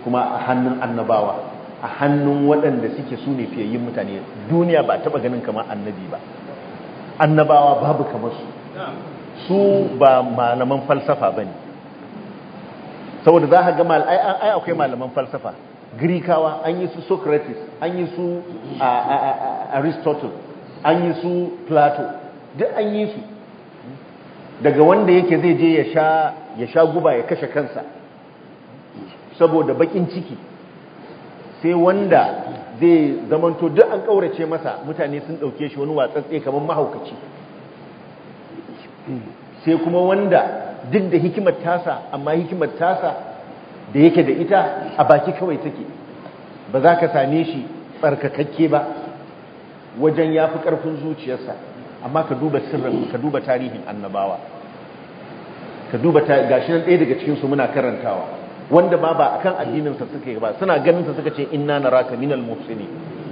kuma a hannun annabawa a hannun waɗanda suke su ne fiyayyin mutane duniya ba taɓa ganin kamar annabi ba annabawa babu kamar su su ba malaman falsafa ba ne saboda za a gama ai akwai malaman falsafa girikawa an yi su socrates an yi su aristotle an yi su plato duk an yi su daga wanda yake zai je ya sha guba ya kashe kansa saboda bakin ciki sai wanda zai zamanto duk an kaurace masa mutane sun dauke shi wani watsatse kamar mahaukaci sai kuma wanda duk da hikimar tasa amma hikimar tasa da yake da ita a baki kawai take ba za ka same shi tsarkakakke ba wajen ya fi ƙarfin zuciyarsa amma ka duba sirrin ka duba tarihin annabawa ka duba gashi nan ɗaya daga cikin su muna karantawa wanda ba ba akan addinin sa suke ba suna ganin sa suka ce inna naraka minal mufsini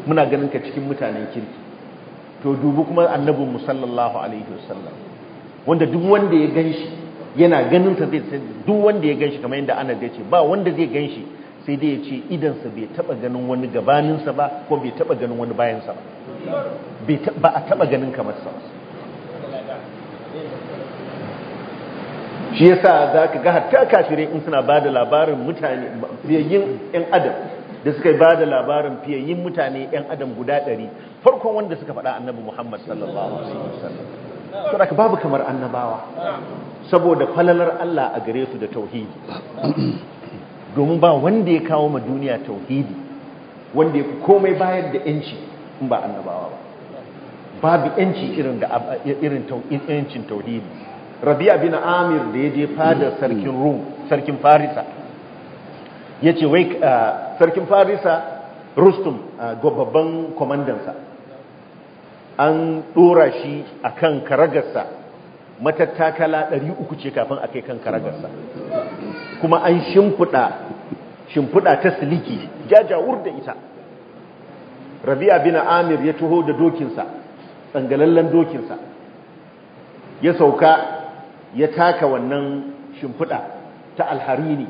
muna ganin ka cikin mutanen kirki to dubi kuma annabi mu sallallahu alaihi wasallam wanda duk wanda ya ganshi yana ganin sa zai duk wanda ya ganshi kamar yadda ana ya ce ba wanda zai ganshi sai dai ya ce idansa bai taba ganin wani gabaninsa ba ko bai taba ganin wani bayansa ba ba a taba ganin kamar sa shi yasa za ka ga hatta kafirai in suna ba da labarin mutane fiyayyin 'yan adam da suka ba da labarin fiyayyin mutane 'yan adam guda ɗari farkon wanda suka faɗa annabi muhammad sallallahu alaihi wasallam saboda ka babu kamar annabawa saboda falalar allah a gare su da tauhidi domin ba wanda ya kawo ma duniya tauhidi wanda ya komai bayar da yanci in ba annabawa ba babu yanci irin da irin yancin tauhidi rabi'a bin amir da ya je fada sarkin rum sarkin farisa ya ce wai sarkin farisa rustum babban kwamandansa an ɗora shi a kan karagarsa matattakala 300 ce kafin a kai kan karagarsa kuma an shimfiɗa shimfiɗa ta siliki jajawur da ita rabi'a bin amir ya tuho da dokinsa tsangalallen dokinsa ya sauka ya taka wannan shimfiɗa ta alharini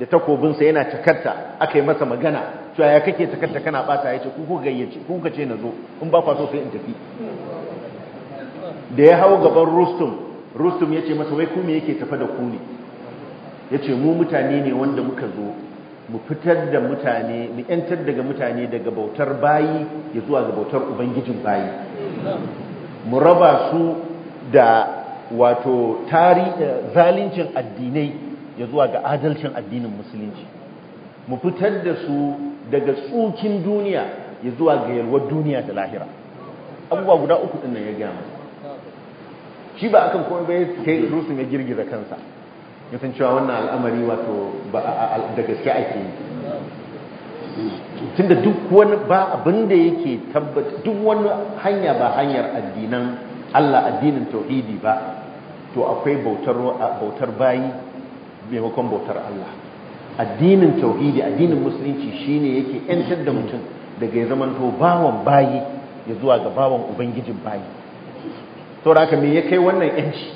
da takobinsa yana takarta aka yi masa magana cewa ya kake takarta kana bata ya ce kuka gayyace kuka ce na zo in ba kwa sai in tafi da ya hau gaban rustum rustum ya ce masa wai ku me yake tafa da ku ne ya ce mu mutane ne wanda muka zo mu fitar da mutane mu yantar daga mutane daga bautar bayi ya zuwa ga bautar ubangijin bayi mu raba su da wato tari eh, zalincin addinai ya zuwa ga adalcin addinin musulunci mu fitar da su daga tsukin duniya ya zuwa ga yalwar duniya da lahira abubuwa guda uku ɗin nan ya gaya shi ba akan komai ba sai rusun ya girgiza kansa ya san cewa wannan al'amari wato da gaske ake yi tunda duk wani ba abinda yake tabbata duk wani hanya ba hanyar addinan Allah addinin tauhidi ba to akwai bautar bayi maimakon bautar Allah addinin tauhidi addinin musulunci shine yake yantar da mutum daga ya to bawan bayi ya zuwa ga bawan ubangijin bayi saboda haka me ya kai wannan yanci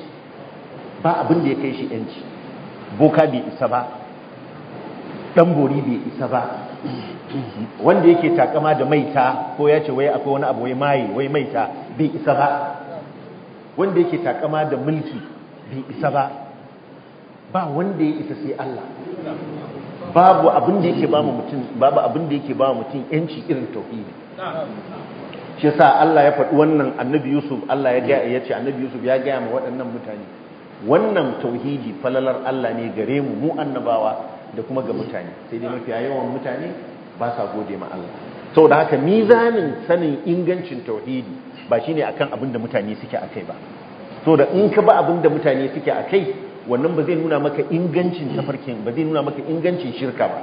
ba abinda ya kai shi yanci boka bai isa ba dan bori bai isa ba wanda yake takama da maita ko ya ce wai akwai wani abu wai maye wai maita bai isa ba wanda yake takama da mulki bai isa ba ba wanda ya isa sai Allah babu abin da yake ba mu mutum babu abin da yake ba mu mutum yanci irin tauhidi shi yasa Allah ya faɗi wannan annabi Yusuf Allah ya ga ya ce annabi Yusuf ya ga ma waɗannan mutane wannan tauhidi falalar Allah ne gare mu mu annabawa da kuma ga mutane sai dai mafiya yawan mutane ba sa gode ma Allah saboda haka mizanin sanin ingancin tauhidi ba shine akan abin da mutane suke akai ba saboda in ka ba abin da mutane suke akai wannan ba zai nuna maka ingancin tafarkin ba zai nuna maka ingancin shirka ba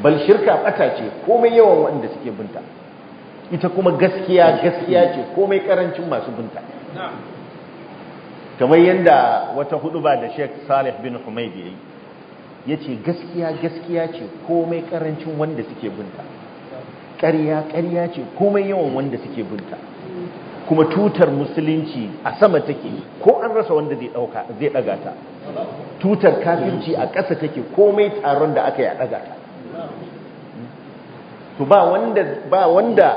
bal shirka bata ce komai yawan wanda suke binta ita kuma gaskiya gaskiya ce komai karancin masu binta kamar yadda wata hudu ba da Sheikh Salih bin yi ya yace gaskiya gaskiya ce komai karancin wanda suke bunta ƙarya ƙarya ce komai yawan wanda suke bunta kuma tutar musulunci a sama take ko an rasa wanda zai dauka zai daga ta tutar kafirci a ƙasa take komai taron da aka yi a daga ta to ba wanda ba wanda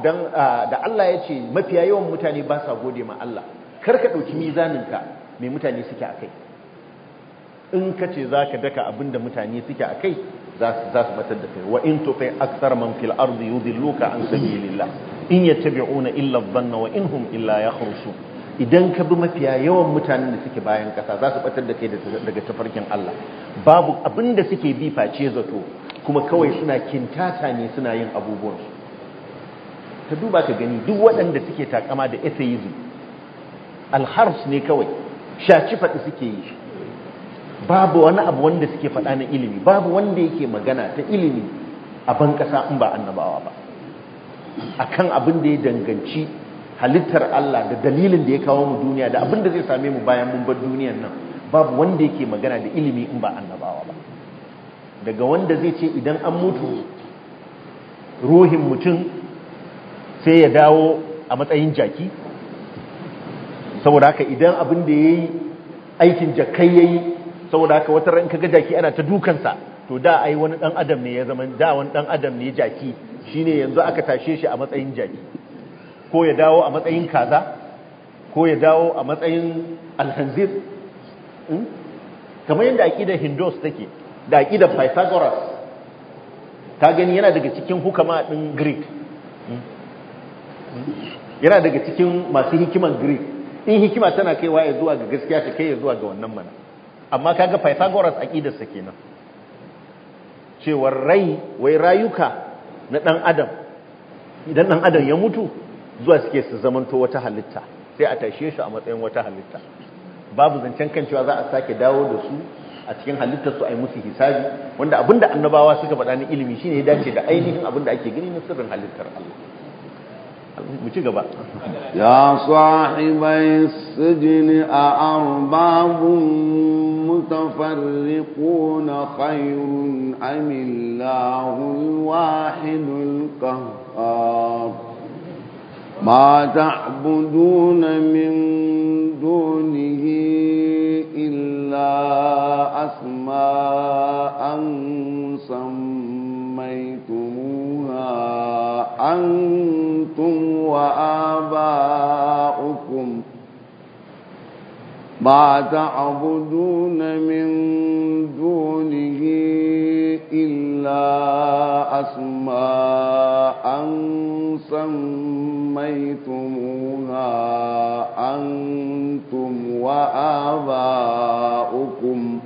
da Allah ya ce mafiya yawan mutane ba sa gode ma Allah kar ka ɗauki mizaninka mai mutane suke a kai in ka ce za ka daka abinda da mutane suke a kai za su batar da kai wa in tufai aksar man fil ardi yudilluka an sabilillah in yattabi'una illa banna wa inhum illa ya yakhrusun idan ka bi mafiya yawan mutanen da suke bayan kasa za su batar da kai daga tafarkin Allah babu abinda suke bi face zato kuma kawai suna kintata ne suna yin abubuwansu Ta duba ka gani duk waɗanda suke takama da atheism alhars ne kawai shaci faɗi suke yi babu wani abu wanda suke faɗa na ilimi babu wanda yake magana ta ilimi a ban ƙasa in ba annabawa ba a kan abin da ya danganci halittar Allah da dalilin da ya kawo mu duniya da abin da zai same mu bayan mun bar duniyan nan babu wanda yake magana da ilimi in ba annabawa ba daga wanda zai ce idan an mutu ruhin mutum sai ya dawo a matsayin jaki saboda haka idan abin da ya yi aikin jakai yi saboda haka wata ranka ga jaki ana ta dukansa to da yi wani dan adam ne ya zama da wani dan adam ne jaki shine yanzu aka tashe shi a matsayin jaki ko ya dawo a matsayin kaza ko ya dawo a matsayin alhanzir hmm? kamar yadda da hindus take da da pythagoras ta gani yana daga cikin hukama din greek hmm? Hmm? yana daga cikin masu hikiman greek in hikima tana kaiwa ya zuwa ga gaskiya ta kai ya zuwa ga wannan mana amma kaga pythagoras sa kenan cewar rai wai rayuka na dan adam idan dan adam ya mutu zuwa suke su zamanto wata halitta sai a tashe shi a matsayin wata halitta babu zancen kan cewa za a sake dawo da su a cikin halittar su a musu hisabi wanda abinda annabawa suka faɗa na ilimi shine ya dace da ainihin abinda ake gani na sirrin halittar Allah يا صاحبي السجن أأرباب متفرقون خير أم الله الواحد القهار ما تعبدون من دونه إلا أسماء سميتم أنتم وآباؤكم ما تعبدون من دونه إلا أسماء سميتموها أنتم وآباؤكم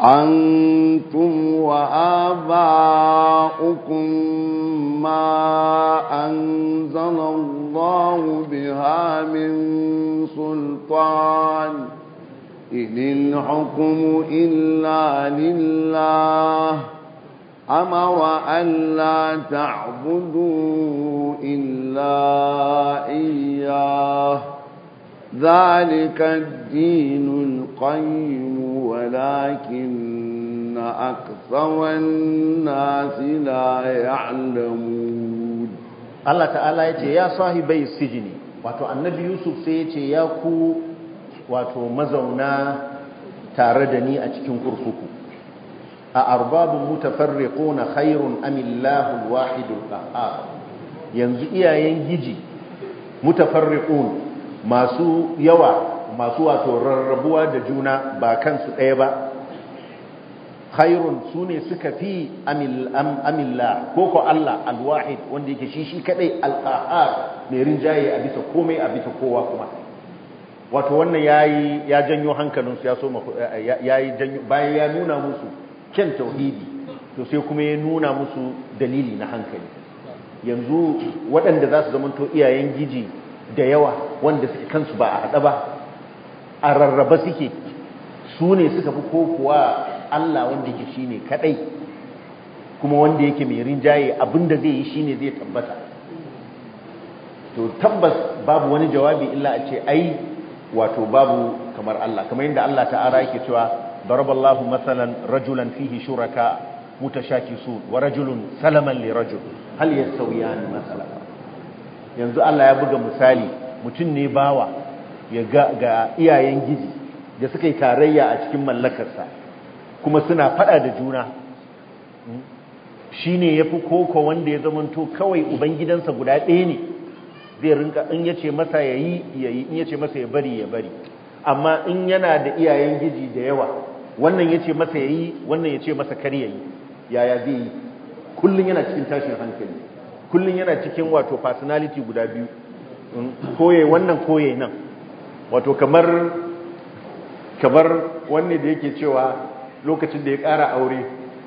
أنتم وآباؤكم ما أنزل الله بها من سلطان إن الحكم إلا لله أمر لا تعبدوا إلا إياه ذلك الدين القيم ولكن أكثر الناس لا يعلمون الله تعالى يتي يا صاحبي السجن واتو النبي يوسف سيتي كو واتو مزونا تاردني أتكين كرسوكو أأرباب متفرقون خير أم الله الواحد القهار ينزئ ينجي متفرقون masu yawa masu wato rarrabuwa da juna ba kansu ɗaya ba khairun su ne suka fi amilla ko ko Allah alwahid wanda yake shi shi kadai alqahar mai rinjaye a bisa komai a bisa kowa kuma wato wannan yayi ya janyo hankalinsu ya so yayi bayan ya nuna musu kyan tauhidi to sai kuma ya nuna musu dalili na hankali yanzu waɗanda za su zamanto iyayen giji da yawa wanda suke kansu ba a haɗa ba a rarraba suke su ne suka fi ko Allah wanda yake shi ne kaɗai kuma wanda yake mai rinjaye abinda zai yi shi ne zai tabbata to tabbas babu wani jawabi illa a ce ai wato babu kamar Allah kamar yadda Allah ta'ala yake cewa daraballahu masalan rajulan fihi shuraka mutashakisun wa rajulun salaman li rajul hal yastawiyan matsala. yanzu Allah ya buga misali mutum ne bawa ya ga iyayen giji da suka yi tarayya a cikin mallakarsa kuma suna fada da juna hmm? shi ne ya fi koko wanda ya zamanto kawai ubangidansa guda ɗaya ne zai rinka in ya ce masa ya yi ya yi in ya ce masa ya bari ya bari amma in yana da iyayen giji da yawa wannan ya ce masa ya yi wannan ya ce masa kar ya yi yaya zai yi kullum yana cikin tashin hankali kullum yana cikin wato personality guda biyu mm, koye wannan koye nan wato kamar kamar wanne da yake cewa lokacin da ya kara aure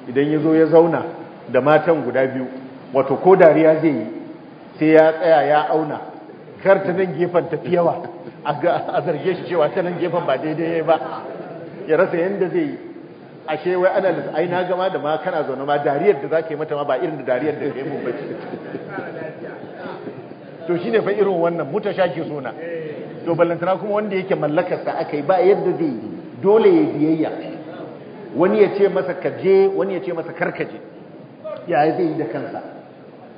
idan ya zo ya zauna da matan guda biyu wato ko dariya zai yi sai ya tsaya ya auna kar ta nan gefen tafi yawa a zarge shi cewa ta nan gefen ba daidai ba ya rasa yadda zai yi ashe wai ana ai na gama da ma kana zaune ma dariyar da ka yi mata ma ba irin da dariyar da kai mun bace to shine fa irin wannan ke suna to ballantana kuma wanda yake mallakarsa aka yi ba yadda zai yi dole ya biyayya wani ya ce masa kaje wani ya ce masa karkaje ya zai yi da kansa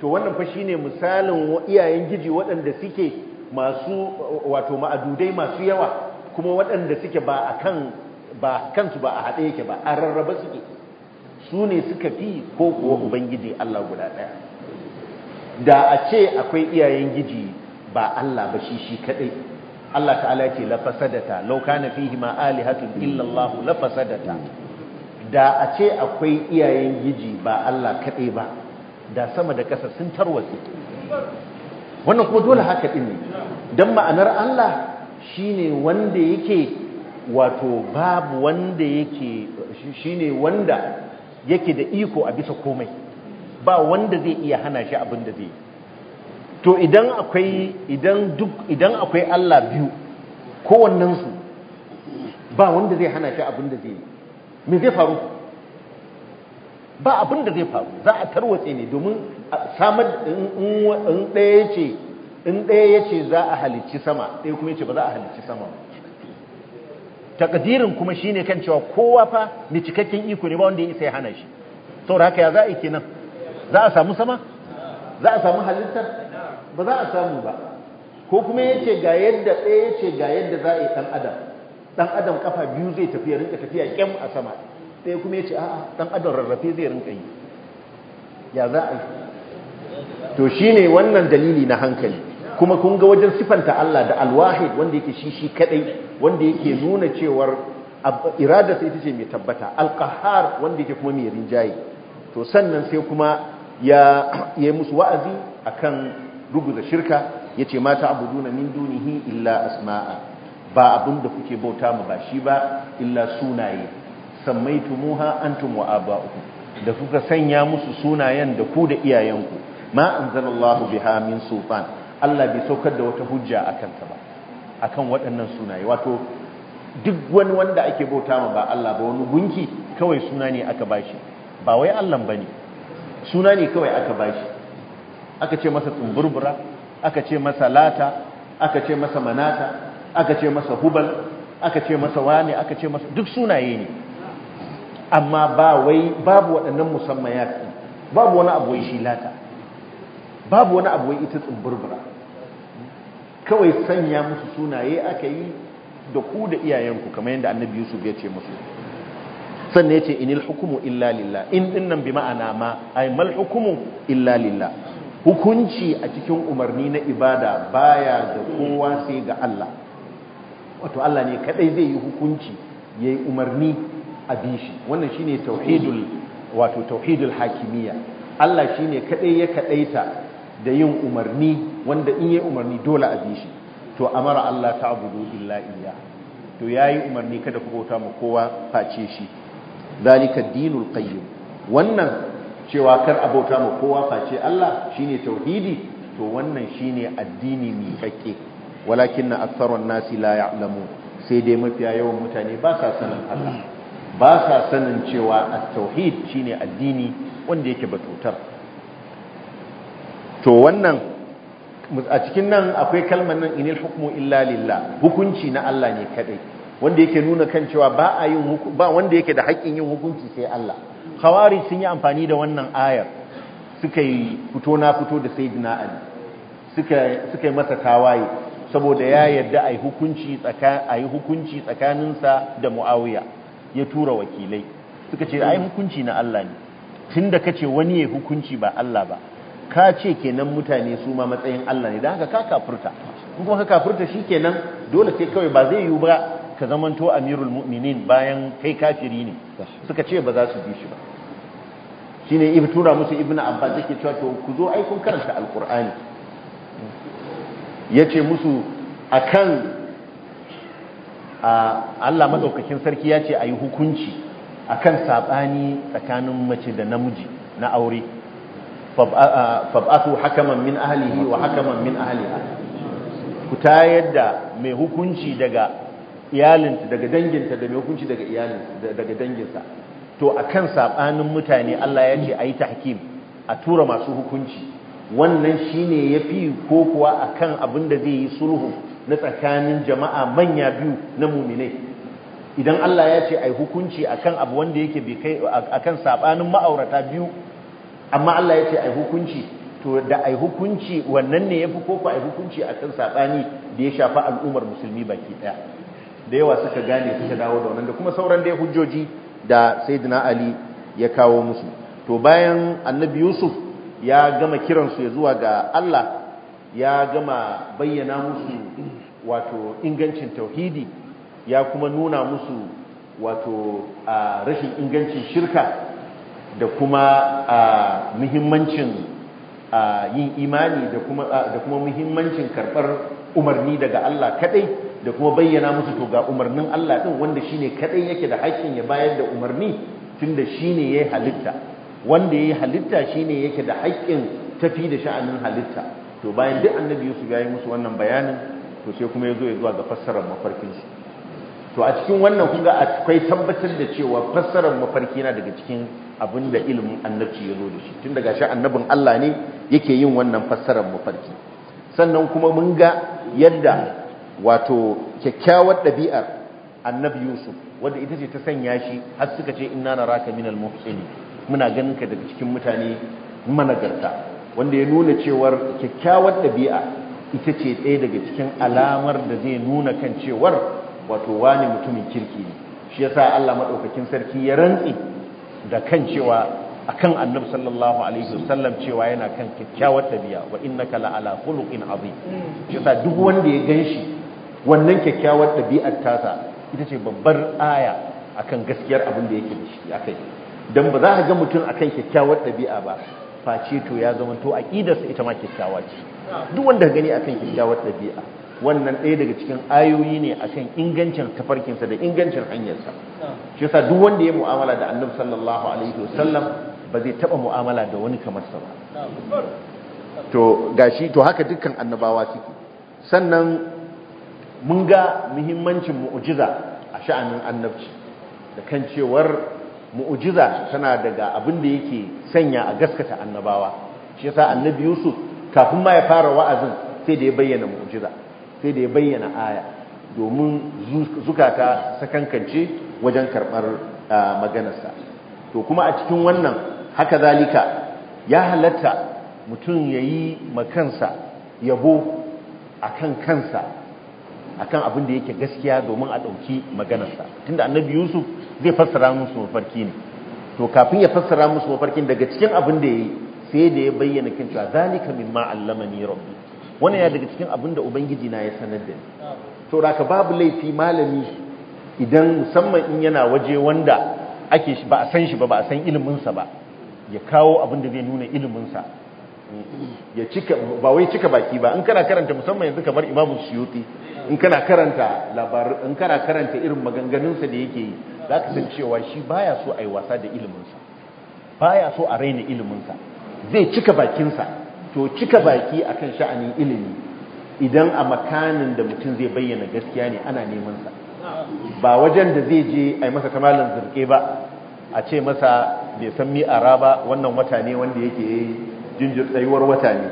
to wannan fa shine misalin iyayen giji waɗanda suke masu wato ma'adudai masu yawa kuma waɗanda suke ba a kan ba kansu ba a haɗe yake ba a rarraba suke su ne suka fi ko kuwa ubangiji Allah guda ɗaya da a ce akwai iyayen giji ba Allah ba shi shi kadai Allah ta'ala ce la fasadata law kana fihi ma alihatun illa Allah la fasadata da a ce akwai iyayen giji ba Allah kadai ba da sama da ƙasa sun tarwatsi wannan kuma dole haka din ne dan ma'anar Allah shine wanda yake wato babu wanda yake shine wanda yake da iko a bisa komai ba wanda zai iya hana shi abin da zai yi to idan akwai idan duk idan akwai Allah biyu kowannensu ba wanda zai hana shi abin da zai yi me zai faru ba abin da zai faru za a tarwatse ne domin samar in ɗaya yace in ɗaya ya ce za a halicci sama ɗaya kuma yace ba za a halicci sama takadirin kuma shine kan cewa kowa fa mai cikakken iko ne ba wanda ya isa ya hana shi saboda haka ya za a yi kenan za a samu sama za a samu halittar ba za a samu ba ko kuma ce ga yadda ɗaya yace ga yadda za a yi ɗan adam ɗan adam kafa biyu zai tafiya rinka tafiya ƙyam a sama ɗaya kuma yace a'a ɗan adam rarrafe zai rinka yi ya za a yi to shine wannan dalili na hankali kuma kun ga wajen sifanta Allah da alwahid wanda yake shi shi kadai wanda yake nuna cewar irada sai ita ce mai tabbata alqahar wanda yake kuma mai rinjaye to sannan sai kuma ya yi musu wa'azi akan ruguza shirka ya yace mata a min dunihi illa asma'a ba abin da kuke bauta mu ba shi ba illa sunaye sammaitumuha antum wa aba'ukum da kuka sanya musu sunayen da ku da iyayenku ma anzalallahu biha min sufan Allah bai saukar da wata hujja akan ta ba akan waɗannan sunaye wato duk wani wanda ake bauta mu ba Allah ba wani gunki kawai suna ne aka bashi ba wai Allah bane suna ne kawai aka bashi aka ce masa tsumburbura aka ce masa lata aka ce masa manata aka ce masa hubal aka ce masa wane aka ce masa duk sunaye ne amma ba wai babu waɗannan musammayat babu wani abu shi lata babu wani abu ita tsumburbura kawai sanya musu sunaye aka yi da ku da iyayenku kamar yadda annabi Yusuf ya ce musu sannan ce inil hukumu illa lillah in dinnan bi ma'ana ma ay mal hukumu illa lillah hukunci a cikin umarni na ibada baya da kowa sai ga Allah wato Allah ne kadai zai yi hukunci yayi umarni a bishi wannan shine tauhidul wato tauhidul hakimiyya Allah shine kadai ya kadaita da yin umarni wanda in yayi umarni dole a bishi to amara Allah ta'budu illa iyya to yayi umarni kada ku bauta ma kowa face shi Dalika dinul qayyim wannan cewa kar abota ma kowa face Allah shine tauhidi to wannan shine addini mai hakke walakinna aktharun nasi la ya'lamun sai dai mafiya yawan mutane ba sa sanin Allah ba sa sanin cewa at-tauhid shine addini wanda yake batutar to wannan a cikin nan akwai kalmar nan inil hukmu illa lillah hukunci na Allah ne kadai wanda yake nuna kan cewa ba a yin ba wanda yake da haƙƙin yin hukunci sai Allah khawari sun yi amfani da wannan ayar suka yi fito na fito da sayyidina Ali suka suka yi masa tawaye saboda ya yarda a yi hukunci tsakanin hukunci tsakaninsa da Muawiya ya tura wakilai suka ce ai hukunci na Allah ne tunda kace wani ya hukunci ba Allah ba ka ce kenan mutane su ma matsayin Allah ne dan haka ka kafurta kuma ka kafurta shikenan dole sai kawai ba zai yiwu ba ka zamanto amirul mu'minin bayan kai kafiri ne suka ce ba za su bi shi ba shine ibn tura musu ibn abbas yake cewa to ku zo ai kun karanta alqur'ani yace musu akan Allah madaukakin sarki ya ce yi hukunci akan sabani tsakanin mace da namiji na aure fab'atu hakaman min ahlihi wa hakaman min ahliha ku tayar da mai hukunci daga iyalinta daga danginta da mai hukunci daga iyalinta daga danginsa to kan saɓanin mutane Allah ya ce a ayi tahkim a tura masu hukunci wannan shi ne ya fi ko kuwa kan abin da zai yi sulhu na tsakanin jama'a manya biyu na mu'minai idan Allah ya ce a yi hukunci a kan abu wanda yake bai kai kan saɓanin ma'aurata biyu amma Allah ya ce a yi hukunci to da a yi hukunci wannan ne ya fi ko a yi hukunci akan saɓani da ya shafa al'ummar musulmi baki ɗaya. da yawa suka gane suka dawo da wannan da kuma sauran dai hujjoji da sayyidina ali ya kawo musu to bayan annabi yusuf ya gama kiransu ya zuwa ga allah ya gama bayyana musu wato ingancin tauhidi ya kuma nuna musu wato a rashin ingancin shirka da kuma a muhimmancin yin imani da kuma muhimmancin karɓar umarni daga allah kadai. da kuma bayyana musu to ga umarnin Allah din wanda shine kadai yake da haƙƙin ya bayar da umarni tunda shine yayi halitta wanda yayi halitta shine yake da hakkin tafi da sha'anin halitta to bayan duk annabi Yusuf yayi musu wannan bayanin to sai kuma yazo ya zuwa ga fassarar mafarkin shi to a cikin wannan kun ga akwai tabbatar da cewa fassarar mafarki na daga cikin abin da ilimin annabci ya zo da shi tun daga annabin Allah ne yake yin wannan fassarar mafarki sannan kuma mun ga yadda wato kyakkyawar ɗabi'ar annabi yusuf wadda ita ce ta sanya shi har suka ce inna na raka minal muhsini muna ganin ka daga cikin mutane managarta wanda ya nuna cewar kyakkyawar ɗabi'a ita ce ɗaya daga cikin alamar da zai nuna kan cewar wato wani mutumin kirki ne shi yasa Allah maɗaukakin sarki ya rantsi da kan cewa akan annabi sallallahu alaihi wasallam cewa yana kan kyakkyawar ɗabi'a wa innaka la ala khuluqin azim shi yasa duk wanda ya ganshi wannan kyakkyawar ɗabi'ar tasa ita ce babbar aya akan gaskiyar abin da yake da shi akai dan ba za a ga mutum akan kyakkyawar ɗabi'a ba face to ya zama to ƙidarsa ita ma kyakkyawa ce duk wanda gani akan kyakkyawar ɗabi'a wannan ɗaya daga cikin ayoyi ne akan ingancin tafarkinsa da ingancin hanyarsa shi yasa duk wanda ya mu'amala da Annabi sallallahu alaihi wasallam ba zai taba mu'amala da wani kamar sa ba to gashi to haka dukkan annabawa suke sannan mun ga muhimmancin mu'ujiza a sha'anin annabci da kan cewar mu'ujiza tana daga abin da yake sanya a gaskata annabawa shi yasa annabi Yusuf kafin ma ya fara wa'azin sai da ya bayyana mu'ujiza sai da ya bayyana aya domin zukata sakankance wajen karɓar maganarsa to kuma a cikin wannan haka zalika ya halatta mutum ya yayi makansa yabo a kan kansa akan abin da yake gaskiya domin a ɗauki maganarsa tunda annabi yusuf zai fassara musu mafarki ne to kafin ya fassara musu mafarkin daga cikin abin da ya sai da ya bayyana kin cewa zalika mimma allamani rabbi wannan ya daga cikin abin da ubangiji na ya sanar da ni to raka babu laifi malami idan musamman in yana waje wanda ake ba a san shi ba ba a san iliminsa ba ya kawo abin da zai nuna iliminsa ya cika ba wai cika baki ba in kana karanta musamman yanzu kamar imamu suyuti in kana karanta labarin in kana karanta irin maganganunsa da yake yi za ka san cewa shi baya so a yi wasa da iliminsa baya so a raina iliminsa zai cika bakinsa to cika baki akan sha'anin ilimi idan a makanin da mutum zai bayyana gaskiya ne ana neman sa ba wajen da zai je a yi masa kamalan zirke ba a ce masa bai san mi'ara ba wannan wata ne wanda yake jinjir wata ne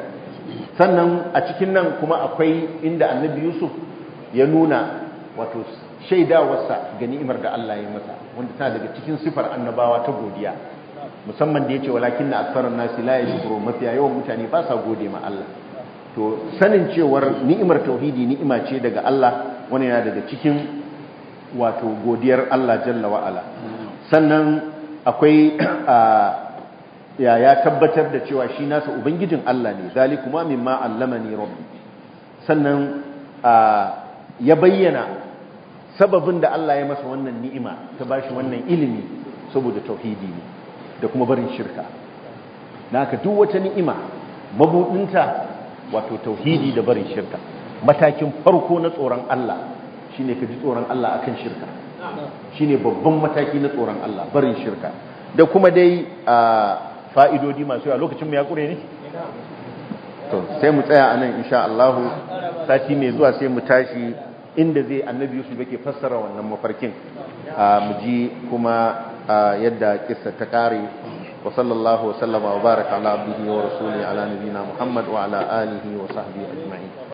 sannan a cikin nan kuma akwai inda annabi yusuf ya nuna wato shaidawarsa ga ni'imar da Allah ya masa wanda tana daga cikin sifar annabawa ta godiya musamman da ya ce walakin na aktharun nasi la yashkuru mafiya yawan mutane ba sa gode ma Allah to sanin cewar ni'imar tauhidi ni'ima ce daga Allah wani yana daga cikin wato godiyar Allah jalla wa'ala sannan akwai ah, ya ya tabbatar da cewa shi nasa ubangijin Allah ne zalikuma mimma allamani rabbi sannan ya bayyana sababin da Allah ya masa wannan ni'ima ta bashi wannan ilimi saboda tauhidi ne da kuma barin shirka naka duk wata ni'ima mabudinta wato tauhidi da barin shirka matakin farko na tsoron Allah shine ka ji tsoron Allah akan shirka shine babban mataki na tsoron Allah barin shirka da kuma dai fa'idodi masu yawa lokacin mu ya kure ne to sai mu tsaya anan insha Allah sati mai zuwa sai mu tashi inda zai annabi Yusuf yake fassara wannan mafarkin mu ji kuma yadda kissa ta kare wa sallallahu wa sallama wa baraka ala abdihi wa rasulihi ala nabiyina Muhammad wa ala alihi wa sahbihi ajma'in